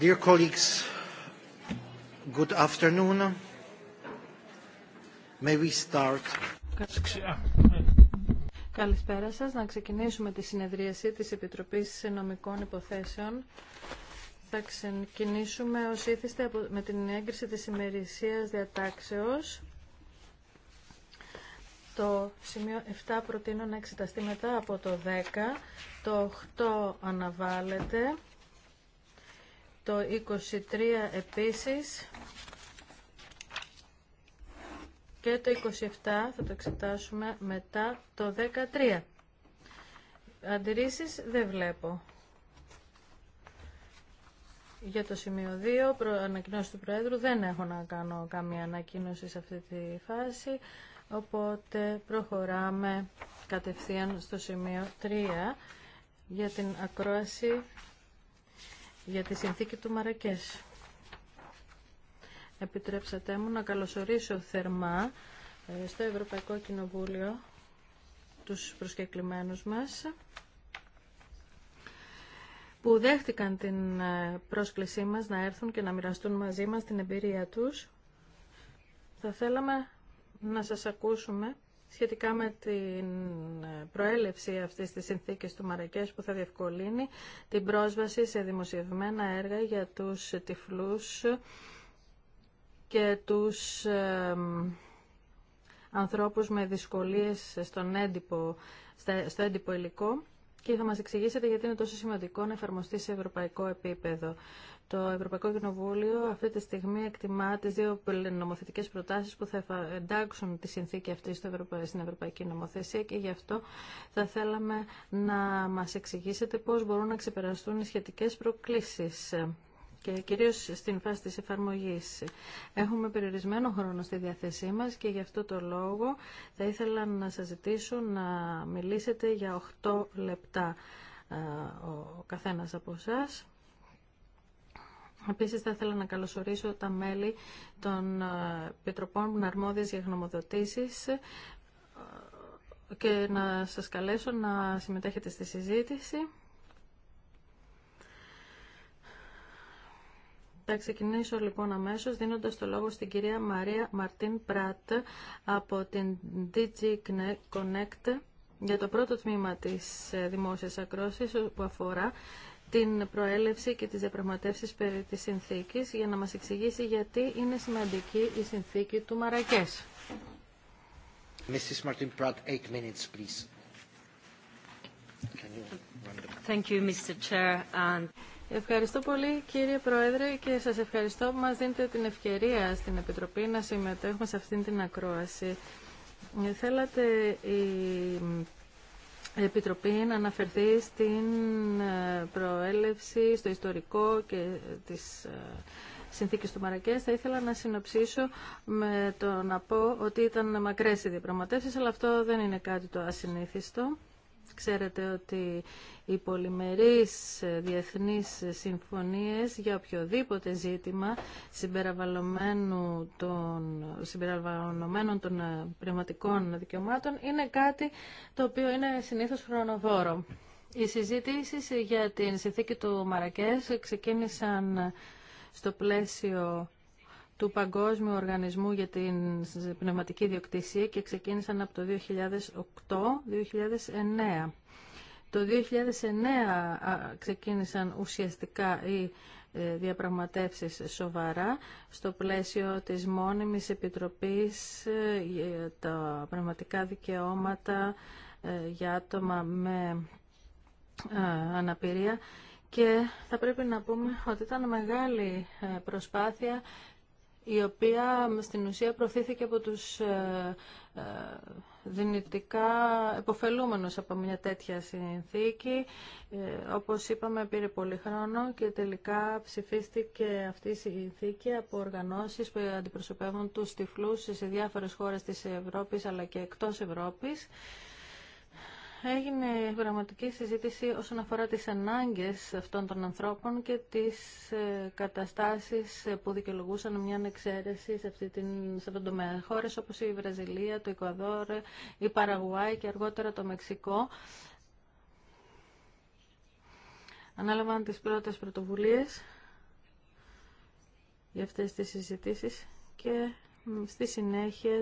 Dear colleagues, good afternoon. May we start. Καλησπέρα σας. Να ξεκινήσουμε τη συνεδρίαση της Επιτροπής Νομικών Υποθέσεων. Θα ξεκινήσουμε ως ήθιστε με την έγκριση της ημερησίας διατάξεως. Το σημείο 7 προτείνω να εξεταστεί μετά από το 10. Το 8 αναβάλλεται. Το 23 επίσης. Και το 27 θα το εξετάσουμε μετά το 13. Αντιρρήσεις δεν βλέπω. Για το σημείο 2, προ... ανακοινώσει του Προέδρου, δεν έχω να κάνω καμία ανακοίνωση σε αυτή τη φάση, οπότε προχωράμε κατευθείαν στο σημείο 3 για την ακρόαση για τη συνθήκη του Μαρακές. Επιτρέψατε μου να καλωσορίσω θερμά ε, στο Ευρωπαϊκό Κοινοβούλιο τους προσκεκλημένους μας που δέχτηκαν την ε, πρόσκλησή μας να έρθουν και να μοιραστούν μαζί μας την εμπειρία τους. Θα θέλαμε να σας ακούσουμε σχετικά με την προέλευση αυτής της συνθήκης του Μαρακές που θα διευκολύνει την πρόσβαση σε δημοσιευμένα έργα για τους τυφλούς και τους ανθρώπους με δυσκολίες στον έντυπο, στο έντυπο υλικό και θα μας εξηγήσετε γιατί είναι τόσο σημαντικό να εφαρμοστεί σε ευρωπαϊκό επίπεδο. Το Ευρωπαϊκό Κοινοβούλιο αυτή τη στιγμή εκτιμά τι δύο νομοθετικέ προτάσει που θα εντάξουν τη συνθήκη αυτή στην Ευρωπαϊκή Νομοθεσία και γι' αυτό θα θέλαμε να μα εξηγήσετε πώ μπορούν να ξεπεραστούν οι σχετικέ προκλήσει. και κυρίως στην φάση της εφαρμογής. Έχουμε περιορισμένο χρόνο στη διάθεσή μας και γι' αυτό το λόγο θα ήθελα να σας ζητήσω να μιλήσετε για 8 λεπτά ε, ο καθένας από εσάς. Επίση, θα ήθελα να καλωσορίσω τα μέλη των ε, Επιτροπών που για γνωμοδοτήσεις ε, και να σας καλέσω να συμμετέχετε στη συζήτηση. Θα ξεκινήσω λοιπόν αμέσως δίνοντας το λόγο στην κυρία Μαρία Μαρτίν Πράτ από την DG Connect για το πρώτο τμήμα της ε, δημόσιας ακρόσης που αφορά την προέλευση και τις διαπραγματεύσεις περί της συνθήκης για να μας εξηγήσει γιατί είναι σημαντική η συνθήκη του Μαρακές. eight minutes, please. Thank you, Mr. Chair. Ευχαριστώ πολύ κύριε Πρόεδρε και σας ευχαριστώ που μας δίνετε την ευκαιρία στην Επιτροπή να συμμετέχουμε σε αυτήν την ακρόαση. Θέλατε Επιτροπή να αναφερθεί στην ε, προέλευση, στο ιστορικό και της ε, συνθήκης του Μαρακές. Θα ήθελα να συνοψίσω με το να πω ότι ήταν μακρές οι διαπραγματεύσεις, αλλά αυτό δεν είναι κάτι το ασυνήθιστο. Ξέρετε ότι οι πολυμερείς διεθνείς συμφωνίες για οποιοδήποτε ζήτημα συμπεριλαμβανομένων των, ε, πνευματικών δικαιωμάτων είναι κάτι το οποίο είναι συνήθως χρονοδόρο. Οι συζήτηση για την συνθήκη του Μαρακές ξεκίνησαν στο πλαίσιο του Παγκόσμιου Οργανισμού για την Πνευματική Διοκτησία και ξεκίνησαν από το 2008-2009. Το 2009 ξεκίνησαν ουσιαστικά οι ε, διαπραγματεύσεις σοβαρά στο πλαίσιο της μόνιμης επιτροπής ε, για τα πνευματικά δικαιώματα ε, για άτομα με αναπηρία και θα πρέπει να πούμε ότι ήταν μεγάλη προσπάθεια η οποία στην ουσία προωθήθηκε από τους ε, ε, δυνητικά εποφελούμενος από μια τέτοια συνθήκη. Ε, όπως είπαμε πήρε πολύ χρόνο και τελικά ψηφίστηκε αυτή η συνθήκη από οργανώσεις που αντιπροσωπεύουν τους τυφλούς σε διάφορες χώρες της Ευρώπης αλλά και εκτός Ευρώπης έγινε πραγματική συζήτηση όσον αφορά τις ανάγκες αυτών των ανθρώπων και τις ε, καταστάσεις ε, που δικαιολογούσαν μια εξαίρεση σε, αυτή την, σε αυτόν τομέα. Χώρες όπως η Βραζιλία, το Εκουαδόρ, η Παραγουάη και αργότερα το Μεξικό ανάλαβαν τις πρώτες πρωτοβουλίες για αυτές τις συζητήσεις και Στη συνέχεια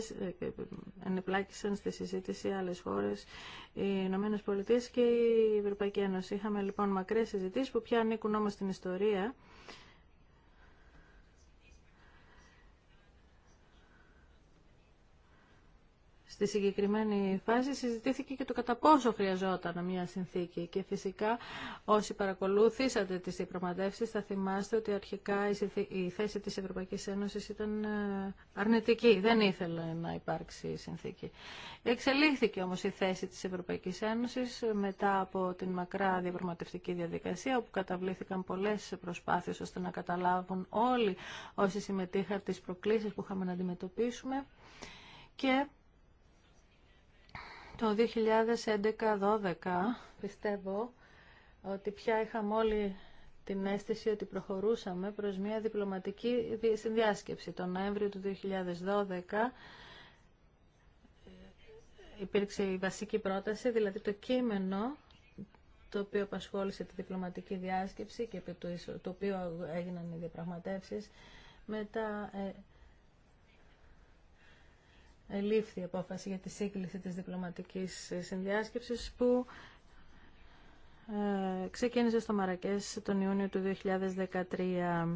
ανεπλάκησαν ε, ε, στη συζήτηση άλλες χώρες, οι ΗΠΑ και η Ευρωπαϊκή Ένωση. Είχαμε λοιπόν μακρές συζητήσεις που πια ανήκουν όμως στην ιστορία Στη συγκεκριμένη φάση συζητήθηκε και το κατά πόσο χρειαζόταν μια συνθήκη και φυσικά όσοι παρακολουθήσατε τις διαπραγματεύσεις θα θυμάστε ότι αρχικά η θέση της Ευρωπαϊκής Ένωσης ήταν ε, αρνητική, δεν ήθελε να υπάρξει συνθήκη. Εξελίχθηκε όμως η θέση της Ευρωπαϊκής Ένωσης μετά από την μακρά διαπραγματευτική διαδικασία όπου καταβλήθηκαν πολλές προσπάθειες ώστε να καταλάβουν όλοι όσοι συμμετείχαν τις προκλήσεις που είχαμε να αντιμετωπίσουμε και το 2011-12 πιστεύω ότι πια είχαμε όλοι την αίσθηση ότι προχωρούσαμε προς μια διπλωματική συνδιάσκεψη. Το Νοέμβριο του 2012 υπήρξε η βασική πρόταση, δηλαδή το κείμενο το οποίο απασχόλησε τη διπλωματική διάσκεψη και το οποίο έγιναν οι διαπραγματεύσεις. Μετά λήφθη η απόφαση για τη σύγκληση της διπλωματικής συνδιάσκεψης που ε, ξεκίνησε στο Μαρακές τον Ιούνιο του 2013.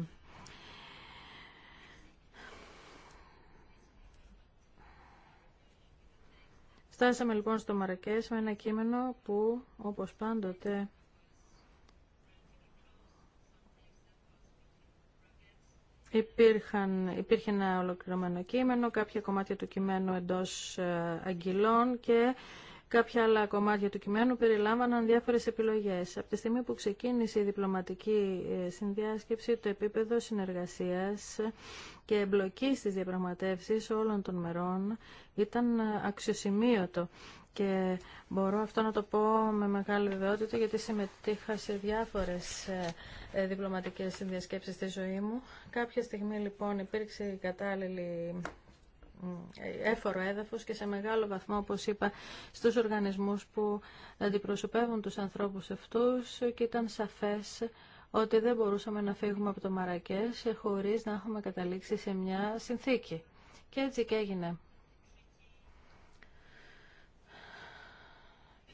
Φτάσαμε λοιπόν στο Μαρακές με ένα κείμενο που όπως πάντοτε Υπήρχαν, υπήρχε ένα ολοκληρωμένο κείμενο, κάποια κομμάτια του κειμένου εντός ε, αγγυλών και κάποια άλλα κομμάτια του κειμένου περιλάμβαναν διάφορες επιλογές. Από τη στιγμή που ξεκίνησε η διπλωματική ε, συνδιάσκεψη, το επίπεδο συνεργασίας και εμπλοκή στις διαπραγματεύσεις όλων των μερών ήταν ε, αξιοσημείωτο. Και μπορώ αυτό να το πω με μεγάλη βεβαιότητα γιατί συμμετείχα σε διάφορες ε, ε, διπλωματικές συνδιασκέψεις στη ζωή μου. Κάποια στιγμή λοιπόν υπήρξε κατάλληλη έφορο έδαφος και σε μεγάλο βαθμό, όπως είπα, στους οργανισμούς που αντιπροσωπεύουν τους ανθρώπους αυτούς και ήταν σαφές ότι δεν μπορούσαμε να φύγουμε από το Μαρακές χωρίς να έχουμε καταλήξει σε μια συνθήκη. Και έτσι και έγινε.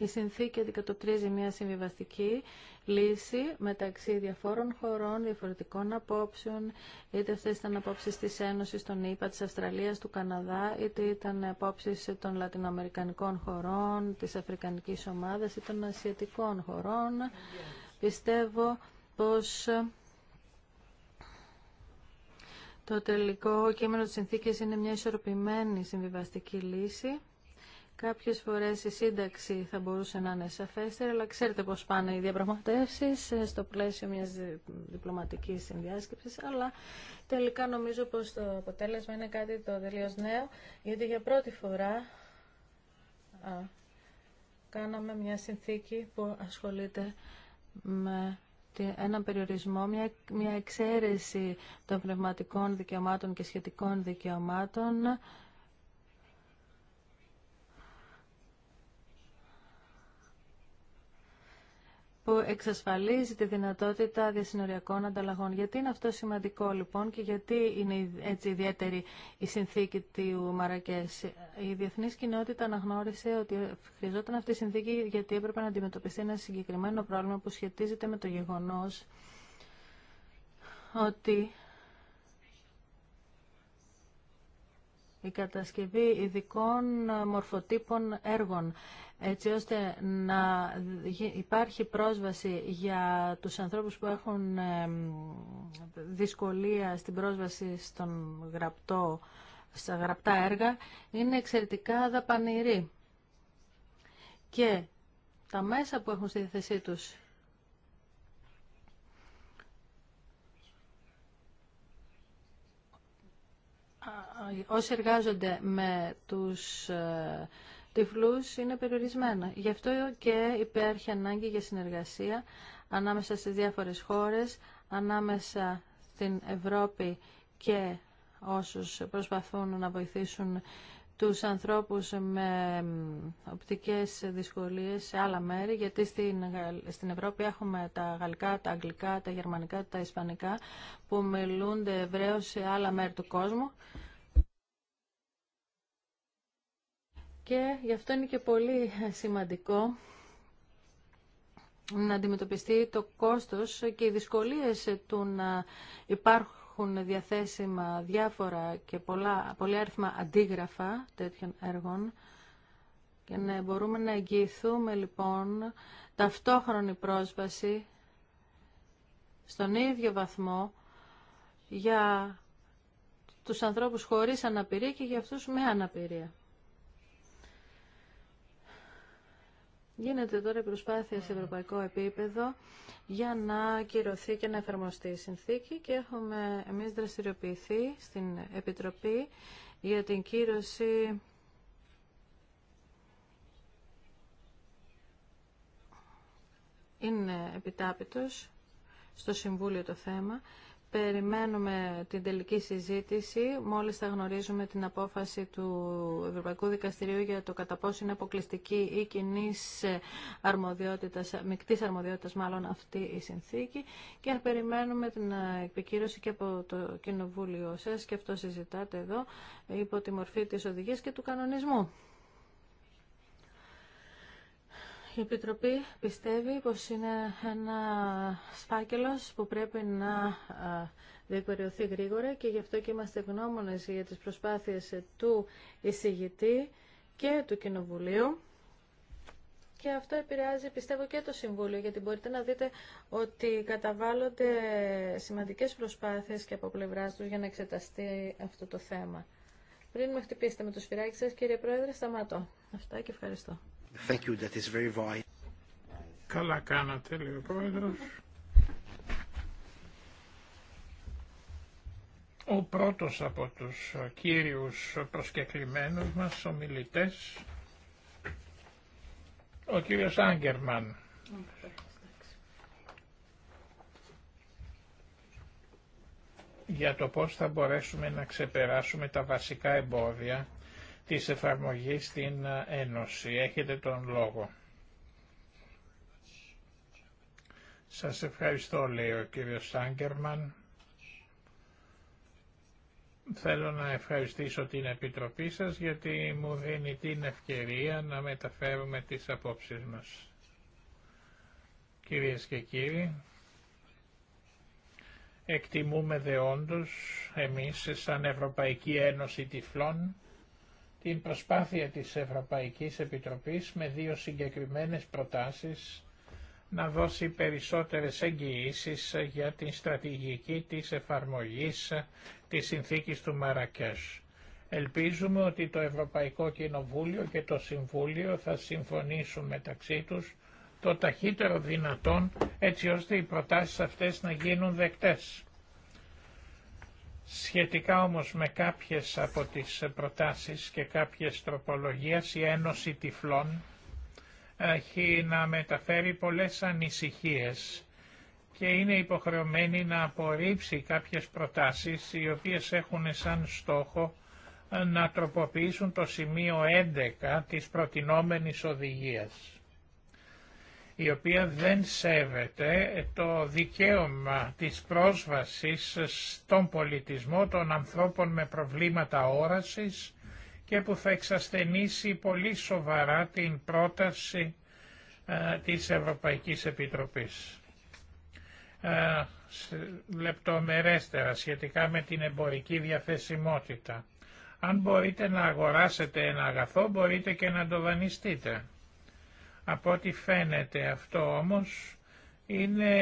Η συνθήκη αντικατοπτρίζει μια συμβιβαστική λύση μεταξύ διαφόρων χωρών, διαφορετικών απόψεων, είτε αυτές ήταν απόψεις της Ένωσης, των ΗΠΑ, της Αυστραλίας, του Καναδά, είτε ήταν απόψεις των Λατινοαμερικανικών χωρών, της Αφρικανικής ομάδας ή των Ασιατικών χωρών. Πιστεύω πως το τελικό κείμενο της συνθήκης είναι μια ισορροπημένη συμβιβαστική λύση Κάποιες φορές η σύνταξη θα μπορούσε να είναι σαφέστερη, αλλά ξέρετε πώς πάνε οι διαπραγματεύσεις ε, στο πλαίσιο μιας διπλωματικής συνδιάσκεψης, αλλά τελικά νομίζω πως το αποτέλεσμα είναι κάτι το τελείως νέο, γιατί για πρώτη φορά α, κάναμε μια συνθήκη που ασχολείται με έναν περιορισμό, μια, μια εξαίρεση των πνευματικών δικαιωμάτων και σχετικών δικαιωμάτων, που εξασφαλίζει τη δυνατότητα διασυνοριακών ανταλλαγών. Γιατί είναι αυτό σημαντικό λοιπόν και γιατί είναι έτσι ιδιαίτερη η συνθήκη του Μαρακές. Η διεθνής κοινότητα αναγνώρισε ότι χρειαζόταν αυτή η συνθήκη γιατί έπρεπε να αντιμετωπιστεί ένα συγκεκριμένο πρόβλημα που σχετίζεται με το γεγονός ότι η κατασκευή ειδικών ε, μορφοτύπων έργων, έτσι ώστε να υπάρχει πρόσβαση για τους ανθρώπους που έχουν ε, δυσκολία στην πρόσβαση στον γραπτό, στα γραπτά έργα, είναι εξαιρετικά δαπανηρή. Και τα μέσα που έχουν στη θέση τους όσοι εργάζονται με τους ε, τυφλούς είναι περιορισμένα. Γι' αυτό και υπάρχει ανάγκη για συνεργασία ανάμεσα στις διάφορες χώρες, ανάμεσα στην Ευρώπη και όσους προσπαθούν να βοηθήσουν τους ανθρώπους με οπτικές δυσκολίες σε άλλα μέρη, γιατί στην, Ευρώπη έχουμε τα γαλλικά, τα αγγλικά, τα γερμανικά, τα ισπανικά, που μιλούνται ευρέως σε άλλα μέρη του κόσμου. Και γι' αυτό είναι και πολύ σημαντικό να αντιμετωπιστεί το κόστος και οι δυσκολίες του να υπάρχουν διαθέσιμα διάφορα και πολλά, πολλά αριθμα αντίγραφα τέτοιων έργων και να μπορούμε να εγγυηθούμε λοιπόν ταυτόχρονη πρόσβαση στον ίδιο βαθμό για τους ανθρώπους χωρίς αναπηρία και για αυτούς με αναπηρία. Γίνεται τώρα προσπάθεια σε ευρωπαϊκό επίπεδο για να κυρωθεί και να εφαρμοστεί η συνθήκη και έχουμε εμείς δραστηριοποιηθεί στην Επιτροπή για την κύρωση είναι επιτάπητος στο Συμβούλιο το θέμα Περιμένουμε την τελική συζήτηση μόλις θα γνωρίζουμε την απόφαση του Ευρωπαϊκού Δικαστηρίου για το κατά πόσο είναι αποκλειστική ή κοινή αρμοδιότητας, μεικτής αρμοδιότητας μάλλον αυτή η συνθήκη και περιμένουμε την επικύρωση και από το Κοινοβούλιο σας και αυτό συζητάτε εδώ υπό τη μορφή της οδηγίας και του κανονισμού. Η Επιτροπή πιστεύει πως είναι ένα σπάκελος που πρέπει να διεκπαιρεωθεί γρήγορα και γι' αυτό και είμαστε γνώμονες για τις προσπάθειες του εισηγητή και του Κοινοβουλίου. Και αυτό επηρεάζει, πιστεύω, και το Συμβούλιο, γιατί μπορείτε να δείτε ότι καταβάλλονται σημαντικές προσπάθειες και από πλευρά του για να εξεταστεί αυτό το θέμα. Πριν με χτυπήσετε με το σφυράκι σας, κύριε Πρόεδρε, σταματώ. Αυτά και ευχαριστώ. Thank you. That Καλά κάνατε, λέει ο πρόεδρος. Ο πρώτος από τους κύριους προσκεκλημένους μας ομιλητές, ο κύριος Άγγερμαν. για το πώς θα μπορέσουμε να ξεπεράσουμε τα βασικά εμπόδια της εφαρμογής στην Ένωση. Έχετε τον λόγο. Σας ευχαριστώ, λέει ο κύριος Σάγκερμαν. Θέλω να ευχαριστήσω την Επιτροπή σας γιατί μου δίνει την ευκαιρία να μεταφέρουμε τις απόψεις μας. Κυρίες και κύριοι, εκτιμούμε δεόντως εμείς σαν Ευρωπαϊκή Ένωση Τυφλών την προσπάθεια της Ευρωπαϊκής Επιτροπής με δύο συγκεκριμένες προτάσεις να δώσει περισσότερες εγγυήσεις για την στρατηγική της εφαρμογής της συνθήκης του Μαρακές. Ελπίζουμε ότι το Ευρωπαϊκό Κοινοβούλιο και το Συμβούλιο θα συμφωνήσουν μεταξύ τους το ταχύτερο δυνατόν έτσι ώστε οι προτάσεις αυτές να γίνουν δεκτές. Σχετικά όμως με κάποιες από τις προτάσεις και κάποιες τροπολογίες, η Ένωση Τυφλών έχει να μεταφέρει πολλές ανησυχίες και είναι υποχρεωμένη να απορρίψει κάποιες προτάσεις οι οποίες έχουν σαν στόχο να τροποποιήσουν το σημείο 11 της προτινόμενης οδηγίας η οποία δεν σέβεται το δικαίωμα της πρόσβασης στον πολιτισμό των ανθρώπων με προβλήματα όρασης και που θα εξασθενήσει πολύ σοβαρά την πρόταση ε, της Ευρωπαϊκής Επιτροπής. Ε, λεπτομερέστερα σχετικά με την εμπορική διαθεσιμότητα. Αν μπορείτε να αγοράσετε ένα αγαθό μπορείτε και να το δανειστείτε. Από ό,τι φαίνεται αυτό όμως είναι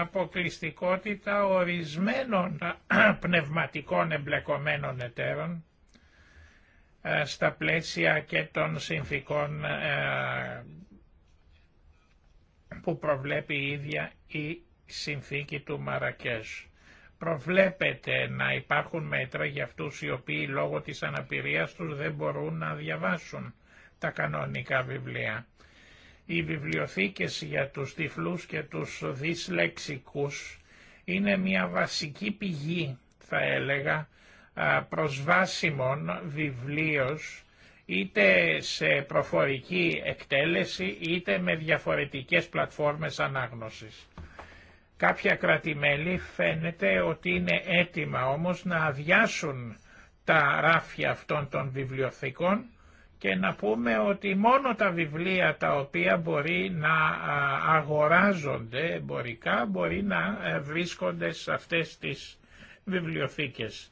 αποκλειστικότητα ορισμένων πνευματικών εμπλεκομένων εταίρων ε, στα πλαίσια και των συνθήκων ε, που προβλέπει η ίδια η συνθήκη του Μαρακές. Προβλέπεται να υπάρχουν μέτρα για αυτούς οι οποίοι λόγω της αναπηρίας τους δεν μπορούν να διαβάσουν τα κανονικά βιβλία. Οι βιβλιοθήκες για τους τυφλούς και τους δυσλεξικούς είναι μια βασική πηγή, θα έλεγα, προσβάσιμων βιβλίων, είτε σε προφορική εκτέλεση είτε με διαφορετικές πλατφόρμες ανάγνωσης. Κάποια κρατημέλη φαίνεται ότι είναι έτοιμα όμως να αδειάσουν τα ράφια αυτών των βιβλιοθήκων και να πούμε ότι μόνο τα βιβλία τα οποία μπορεί να αγοράζονται εμπορικά μπορεί να ε, βρίσκονται σε αυτές τις βιβλιοθήκες.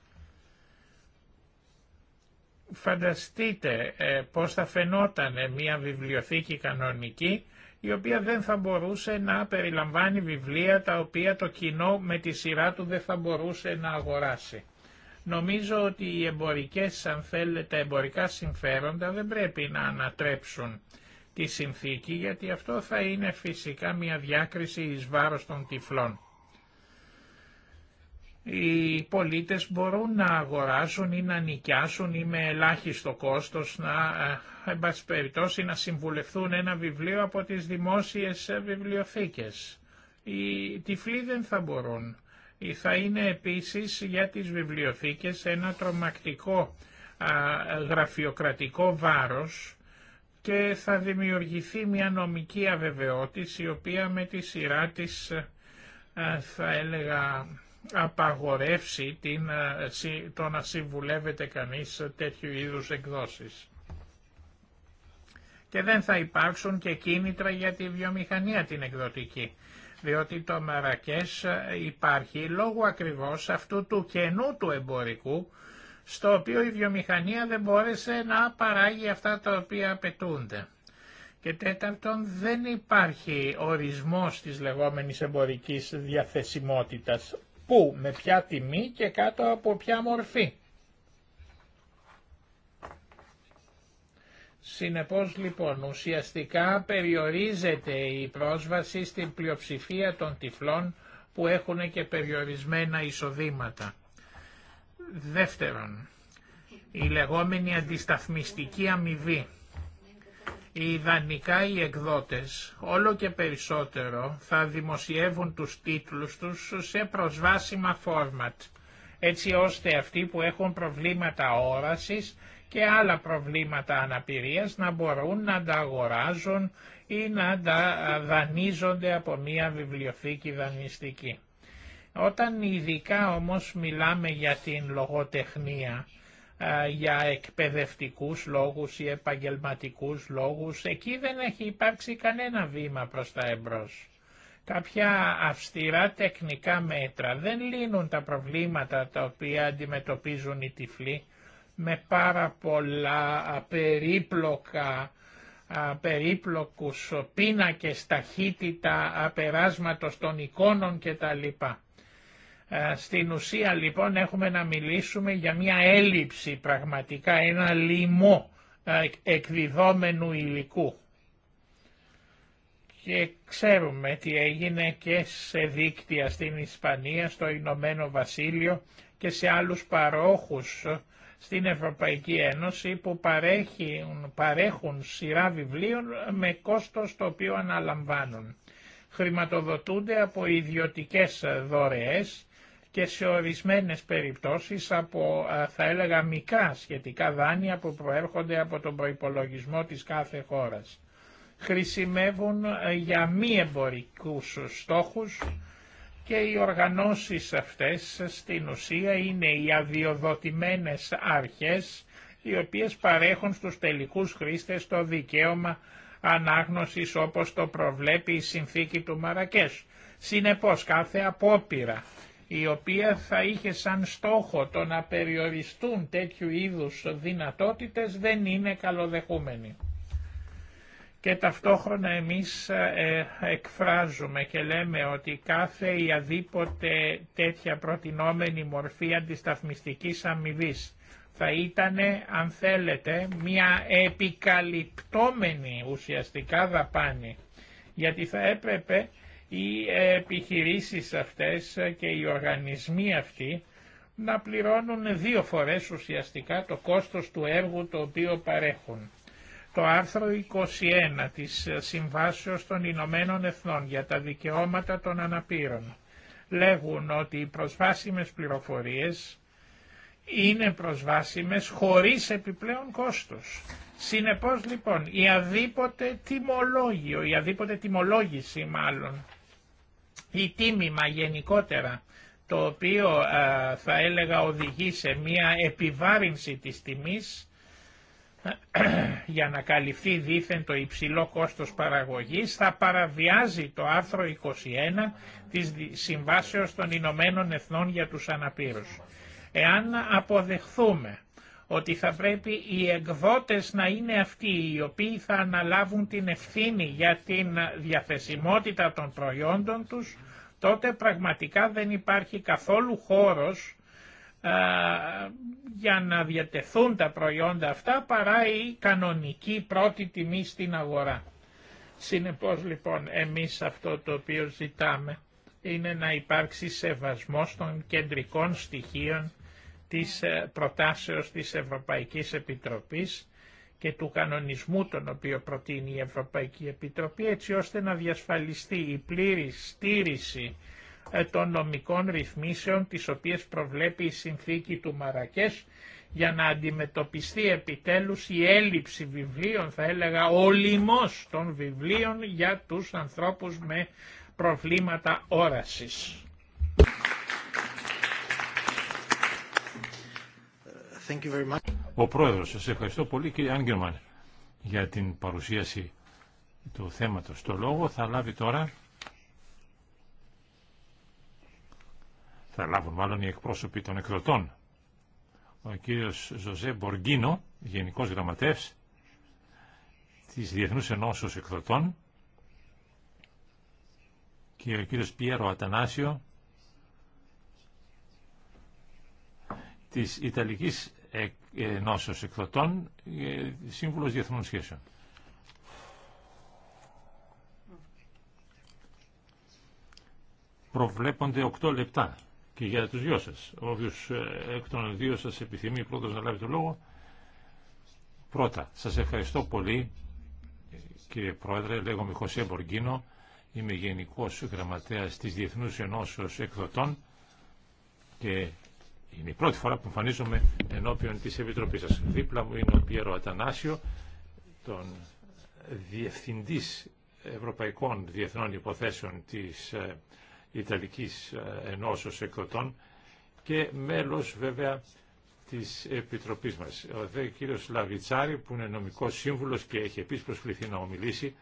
Φανταστείτε ε, πώς θα φαινόταν μια βιβλιοθήκη κανονική η οποία δεν θα μπορούσε να περιλαμβάνει βιβλία τα οποία το κοινό με τη σειρά του δεν θα μπορούσε να αγοράσει. Νομίζω ότι οι εμπορικές, αν θέλετε, εμπορικά συμφέροντα δεν πρέπει να ανατρέψουν τη συνθήκη, γιατί αυτό θα είναι φυσικά μια διάκριση εις βάρος των τυφλών. Οι πολίτες μπορούν να αγοράσουν ή να νοικιάσουν ή με ελάχιστο κόστος να, ε, εν να συμβουλευτούν ένα βιβλίο από τις δημόσιες ε, βιβλιοθήκες. Οι τυφλοί δεν θα μπορούν. Θα είναι επίσης για τις βιβλιοθήκες ένα τρομακτικό γραφειοκρατικό βάρος και θα δημιουργηθεί μια νομική αβεβαιότηση η οποία με τη σειρά της θα έλεγα απαγορεύσει την, το να συμβουλεύεται κανείς τέτοιου είδους εκδόσεις. Και δεν θα υπάρξουν και κίνητρα για τη βιομηχανία την εκδοτική διότι το Μαρακές υπάρχει λόγω ακριβώς αυτού του κενού του εμπορικού, στο οποίο η βιομηχανία δεν μπόρεσε να παράγει αυτά τα οποία απαιτούνται. Και τέταρτον, δεν υπάρχει ορισμός της λεγόμενης εμπορικής διαθεσιμότητας. Πού, με ποια τιμή και κάτω από ποια μορφή. Συνεπώς λοιπόν ουσιαστικά περιορίζεται η πρόσβαση στην πλειοψηφία των τυφλών που έχουν και περιορισμένα εισοδήματα. Δεύτερον, η λεγόμενη αντισταθμιστική αμοιβή. Ιδανικά οι εκδότες όλο και περισσότερο θα δημοσιεύουν τους τίτλους τους σε προσβάσιμα φόρματ, έτσι ώστε αυτοί που έχουν προβλήματα όρασης και άλλα προβλήματα αναπηρίας να μπορούν να τα αγοράζουν ή να τα δανείζονται από μια βιβλιοθήκη δανειστική. Όταν ειδικά όμως μιλάμε για την λογοτεχνία, για εκπαιδευτικούς λόγους ή επαγγελματικούς λόγους, εκεί δεν έχει υπάρξει κανένα βήμα προς τα εμπρός. Κάποια αυστηρά τεχνικά μέτρα δεν λύνουν τα προβλήματα τα οποία αντιμετωπίζουν οι τυφλοί, με πάρα πολλά περίπλοκα, περίπλοκους πίνακες ταχύτητα περάσματος των εικόνων κτλ. Στην ουσία λοιπόν έχουμε να μιλήσουμε για μια έλλειψη πραγματικά, ένα λοιμό εκδιδόμενου υλικού. Και ξέρουμε τι έγινε και σε δίκτυα στην Ισπανία, στο Ηνωμένο Βασίλειο και σε άλλους παρόχους στην Ευρωπαϊκή Ένωση που παρέχουν, παρέχουν σειρά βιβλίων με κόστος το οποίο αναλαμβάνουν. Χρηματοδοτούνται από ιδιωτικές δωρεές και σε ορισμένες περιπτώσεις από, θα έλεγα, μικρά σχετικά δάνεια που προέρχονται από τον προϋπολογισμό της κάθε χώρας. Χρησιμεύουν ε, για μη εμπορικούς στόχους, και οι οργανώσεις αυτές στην ουσία είναι οι αδειοδοτημένες αρχές οι οποίες παρέχουν στους τελικούς χρήστες το δικαίωμα ανάγνωσης όπως το προβλέπει η συνθήκη του Μαρακές. Συνεπώς κάθε απόπειρα η οποία θα είχε σαν στόχο το να περιοριστούν τέτοιου είδους δυνατότητες δεν είναι καλοδεχούμενη και ταυτόχρονα εμείς ε, ε, εκφράζουμε και λέμε ότι κάθε ή αδίποτε τέτοια προτινόμενη μορφή αντισταθμιστικής αμοιβή θα ήταν, αν θέλετε, μια επικαλυπτόμενη ουσιαστικά δαπάνη, γιατί θα έπρεπε οι επιχειρήσεις αυτές και οι οργανισμοί αυτοί να πληρώνουν δύο φορές ουσιαστικά το κόστος του έργου το οποίο παρέχουν. Το άρθρο 21 της Συμβάσεως των Ηνωμένων Εθνών για τα Δικαιώματα των Αναπήρων λέγουν ότι οι προσβάσιμες πληροφορίες είναι προσβάσιμες χωρίς επιπλέον κόστος. Συνεπώς λοιπόν η αδίποτε τιμολόγιο, η αδίποτε τιμολόγηση μάλλον, ή τίμημα γενικότερα, το οποίο θα έλεγα οδηγεί σε μία επιβάρυνση της τιμής, για να καλυφθεί δήθεν το υψηλό κόστος παραγωγής θα παραβιάζει το άρθρο 21 της Συμβάσεως των Ηνωμένων Εθνών για τους Αναπήρους. Εάν αποδεχθούμε ότι θα πρέπει οι εκδότες να είναι αυτοί οι οποίοι θα αναλάβουν την ευθύνη για την διαθεσιμότητα των προϊόντων τους, τότε πραγματικά δεν υπάρχει καθόλου χώρος ε, για να διατεθούν τα προϊόντα αυτά παρά η κανονική πρώτη τιμή στην αγορά. Συνεπώς λοιπόν εμείς αυτό το οποίο ζητάμε είναι να υπάρξει σεβασμός των κεντρικών στοιχείων της ε, προτάσεως της Ευρωπαϊκής Επιτροπής και του κανονισμού τον οποίο προτείνει η Ευρωπαϊκή Επιτροπή έτσι ώστε να διασφαλιστεί η πλήρη στήριση των νομικών ρυθμίσεων τις οποίες προβλέπει η συνθήκη του Μαρακές για να αντιμετωπιστεί επιτέλους η έλλειψη βιβλίων, θα έλεγα ο λοιμός των βιβλίων για τους ανθρώπους με προβλήματα όρασης. Thank you very much. Ο Πρόεδρος, σας ευχαριστώ πολύ κύριε Άγγερμαν για την παρουσίαση του θέματος. Το λόγο θα λάβει τώρα θα λάβουν μάλλον οι εκπρόσωποι των εκδοτών. Ο κύριος Ζωζέ Μποργκίνο, Γενικός Γραμματεύς της Διεθνούς Ενώσεως Εκδοτών και ο κύριος Πιέρο Ατανάσιο της Ιταλικής Ενώσεως Εκδοτών, ε, Σύμβουλος Διεθνών Σχέσεων. Προβλέπονται 8 λεπτά και για τους δυο σας. Όποιος ε, εκ των δύο σας επιθυμεί πρώτος να λάβει το λόγο. Πρώτα, σας ευχαριστώ πολύ κύριε Πρόεδρε, λέγομαι Χωσέ Μποργκίνο, είμαι Γενικός Γραμματέας της Διεθνούς Ενώσεως Εκδοτών και είναι η πρώτη φορά που εμφανίζομαι ενώπιον της Επιτροπής σας. Δίπλα μου είναι ο Πιέρο Ατανάσιο, τον Διευθυντής Ευρωπαϊκών Διεθνών Υποθέσεων της ε, Ιταλικής ε, Ενώσεως Εκδοτών και μέλος βέβαια της Επιτροπής μας. Ο δε κύριος Λαβιτσάρη που είναι νομικός σύμβουλος και έχει επίσης προσκληθεί να ομιλήσει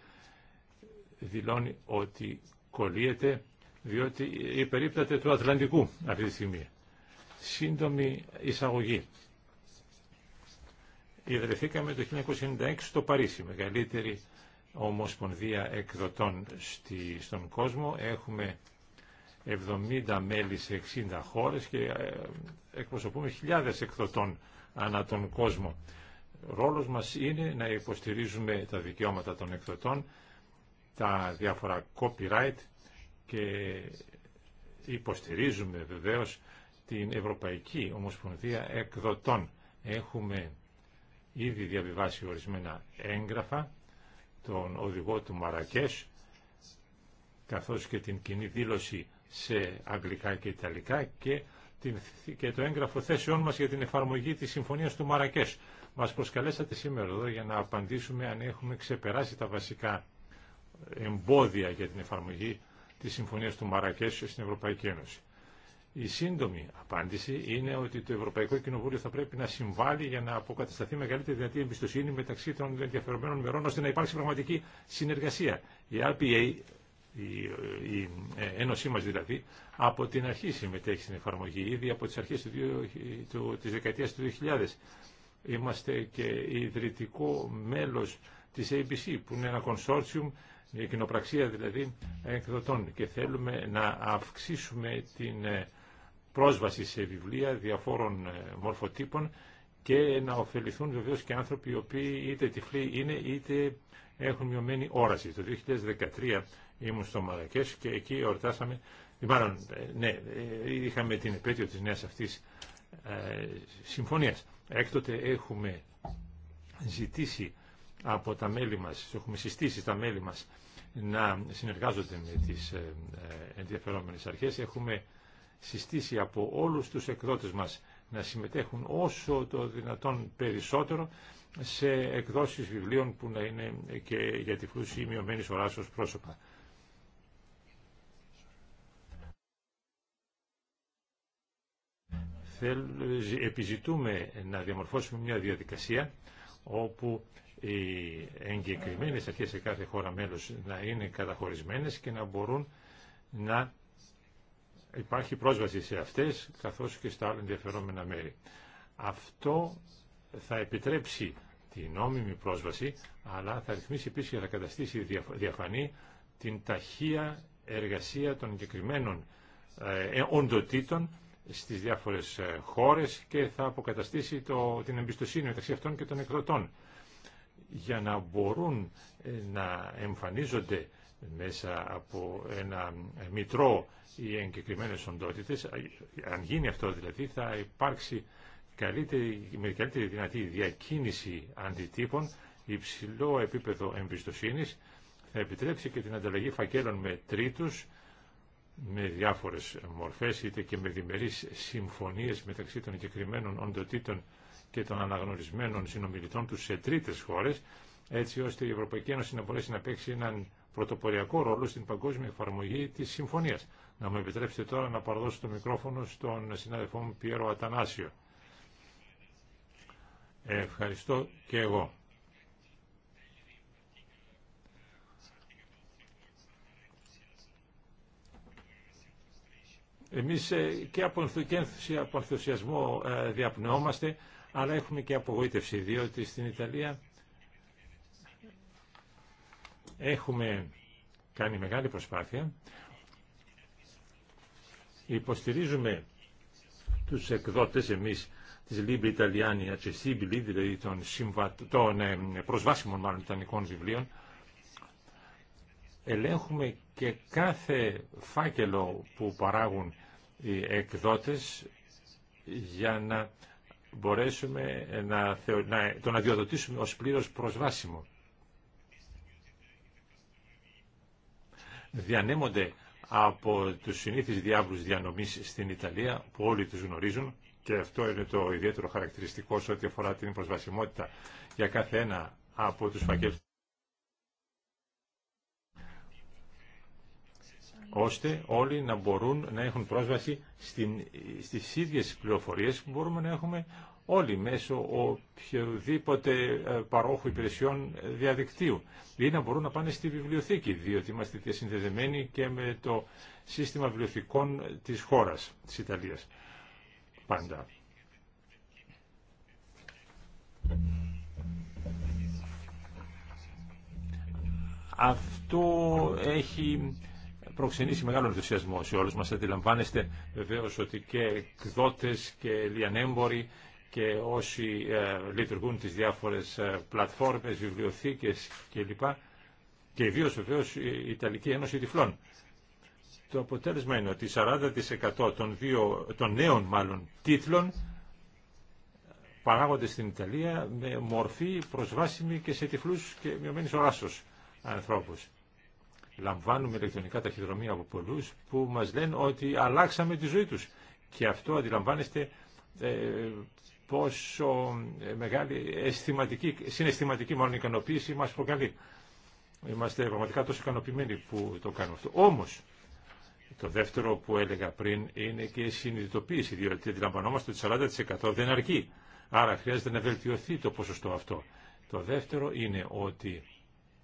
δηλώνει ότι κολλείεται διότι υπερίπταται του Ατλαντικού αυτή τη στιγμή. Σύντομη εισαγωγή. Ιδρυθήκαμε το 1996 στο Παρίσι, μεγαλύτερη ομοσπονδία εκδοτών στη, στον κόσμο. Έχουμε 70 μέλη σε 60 χώρες και ε, εκπροσωπούμε χιλιάδες εκδοτών ανά τον κόσμο. Ρόλος μας είναι να υποστηρίζουμε τα δικαιώματα των εκδοτών, τα διάφορα copyright και υποστηρίζουμε βεβαίως την Ευρωπαϊκή Ομοσπονδία Εκδοτών. Έχουμε ήδη διαβιβάσει ορισμένα έγγραφα, τον οδηγό του Μαρακές, καθώς και την κοινή δήλωση σε αγγλικά και ιταλικά και, την, και το έγγραφο θέσεών μας για την εφαρμογή της Συμφωνίας του Μαρακές. Μας προσκαλέσατε σήμερα εδώ για να απαντήσουμε αν έχουμε ξεπεράσει τα βασικά εμπόδια για την εφαρμογή της Συμφωνίας του Μαρακές στην Ευρωπαϊκή Ένωση. Η σύντομη απάντηση είναι ότι το Ευρωπαϊκό Κοινοβούλιο θα πρέπει να συμβάλλει για να αποκατασταθεί μεγαλύτερη δυνατή εμπιστοσύνη μεταξύ των ενδιαφερομένων μερών ώστε να υπάρξει πραγματική συνεργασία. Η RPA η ε, Ένωσή μας δηλαδή, από την αρχή συμμετέχει στην εφαρμογή, ήδη από τις αρχές του, του, της δεκαετίας του 2000. Είμαστε και ιδρυτικό μέλος της ABC, που είναι ένα κονσόρτσιουμ μια κοινοπραξία δηλαδή εκδοτών και θέλουμε να αυξήσουμε την ε, πρόσβαση σε βιβλία διαφόρων ε, μορφοτύπων και να ωφεληθούν βεβαίω και άνθρωποι οι οποίοι είτε τυφλοί είναι είτε έχουν μειωμένη όραση. Το 2013 ήμουν στο Μαρακές και εκεί εορτάσαμε, ε, μάλλον ε, ναι, ε, είχαμε την επέτειο της νέας αυτής ε, συμφωνίας. Έκτοτε έχουμε ζητήσει από τα μέλη μας, έχουμε συστήσει τα μέλη μας να συνεργάζονται με τις ενδιαφερόμενες αρχές. Έχουμε συστήσει από όλους τους εκδότες μας να συμμετέχουν όσο το δυνατόν περισσότερο σε εκδόσεις βιβλίων που να είναι και για τυφλούς ή μειωμένης οράσεως πρόσωπα. θέλ, επιζητούμε να διαμορφώσουμε μια διαδικασία όπου οι εγκεκριμένες αρχές σε κάθε χώρα μέλος να είναι καταχωρισμένες και να μπορούν να υπάρχει πρόσβαση σε αυτές καθώς και στα άλλα ενδιαφερόμενα μέρη. Αυτό θα επιτρέψει την νόμιμη πρόσβαση, αλλά θα ρυθμίσει επίσης και θα καταστήσει διαφανή την ταχεία εργασία των εγκεκριμένων ε, ε, οντοτήτων στις διάφορες ε, χώρες και θα αποκαταστήσει το, την εμπιστοσύνη μεταξύ αυτών και των εκδοτών για να μπορούν ε, να εμφανίζονται μέσα από ένα μητρό οι εγκεκριμένε οντότητε. Αν γίνει αυτό δηλαδή θα υπάρξει καλύτερη, με καλύτερη δυνατή διακίνηση αντιτύπων, υψηλό επίπεδο εμπιστοσύνης, θα επιτρέψει και την ανταλλαγή φακέλων με τρίτους, με διάφορες μορφές είτε και με διμερείς συμφωνίες μεταξύ των εγκεκριμένων οντοτήτων και των αναγνωρισμένων συνομιλητών τους σε τρίτες χώρες έτσι ώστε η Ευρωπαϊκή Ένωση να μπορέσει να παίξει έναν πρωτοποριακό ρόλο στην παγκόσμια εφαρμογή της συμφωνίας. Να μου επιτρέψετε τώρα να παραδώσω το μικρόφωνο στον συνάδελφό μου Πιέρο Ατανάσιο. Ευχαριστώ και εγώ. Εμείς ε, και από ενθουσιασμό ε, διαπνεόμαστε, αλλά έχουμε και απογοήτευση, διότι στην Ιταλία έχουμε κάνει μεγάλη προσπάθεια. Υποστηρίζουμε τους εκδότες εμείς της Libri Italiani Accessibili, δηλαδή των, ε, προσβάσιμων μάλλον ιταλικών βιβλίων, ελέγχουμε και κάθε φάκελο που παράγουν οι εκδότες για να μπορέσουμε να, να τον αδειοδοτήσουμε ως πλήρως προσβάσιμο. Διανέμονται από τους συνήθεις διάβλους διανομής στην Ιταλία που όλοι τους γνωρίζουν και αυτό είναι το ιδιαίτερο χαρακτηριστικό σε ό,τι αφορά την προσβασιμότητα για κάθε ένα από τους φακέλους. ώστε όλοι να μπορούν να έχουν πρόσβαση στην, στις ίδιες πληροφορίες που μπορούμε να έχουμε όλοι μέσω οποιοδήποτε ε, παρόχου υπηρεσιών διαδικτύου ή να μπορούν να πάνε στη βιβλιοθήκη διότι είμαστε διασυνδεδεμένοι και με το σύστημα βιβλιοθηκών της χώρας, της Ιταλίας πάντα. Αυτό έχει προξενήσει μεγάλο ενθουσιασμό σε όλους μας. Αντιλαμβάνεστε βεβαίως ότι και εκδότες και λιανέμποροι και όσοι ε, λειτουργούν τις διάφορες ε, πλατφόρμες, βιβλιοθήκες κλπ. Και ιδίω βεβαίω η Ιταλική Ένωση Τυφλών. Το αποτέλεσμα είναι ότι 40% των, δύο, των νέων μάλλον τίτλων ε, παράγονται στην Ιταλία με μορφή προσβάσιμη και σε τυφλούς και μειωμένης οράσος ανθρώπους λαμβάνουμε ηλεκτρονικά ταχυδρομεία από πολλούς που μας λένε ότι αλλάξαμε τη ζωή τους. Και αυτό αντιλαμβάνεστε ε, πόσο ε, μεγάλη αισθηματική, συναισθηματική μάλλον ικανοποίηση μας προκαλεί. Είμαστε πραγματικά τόσο ικανοποιημένοι που το κάνουμε αυτό. Όμως, το δεύτερο που έλεγα πριν είναι και η συνειδητοποίηση, διότι αντιλαμβανόμαστε ότι 40% δεν αρκεί. Άρα χρειάζεται να βελτιωθεί το ποσοστό αυτό. Το δεύτερο είναι ότι,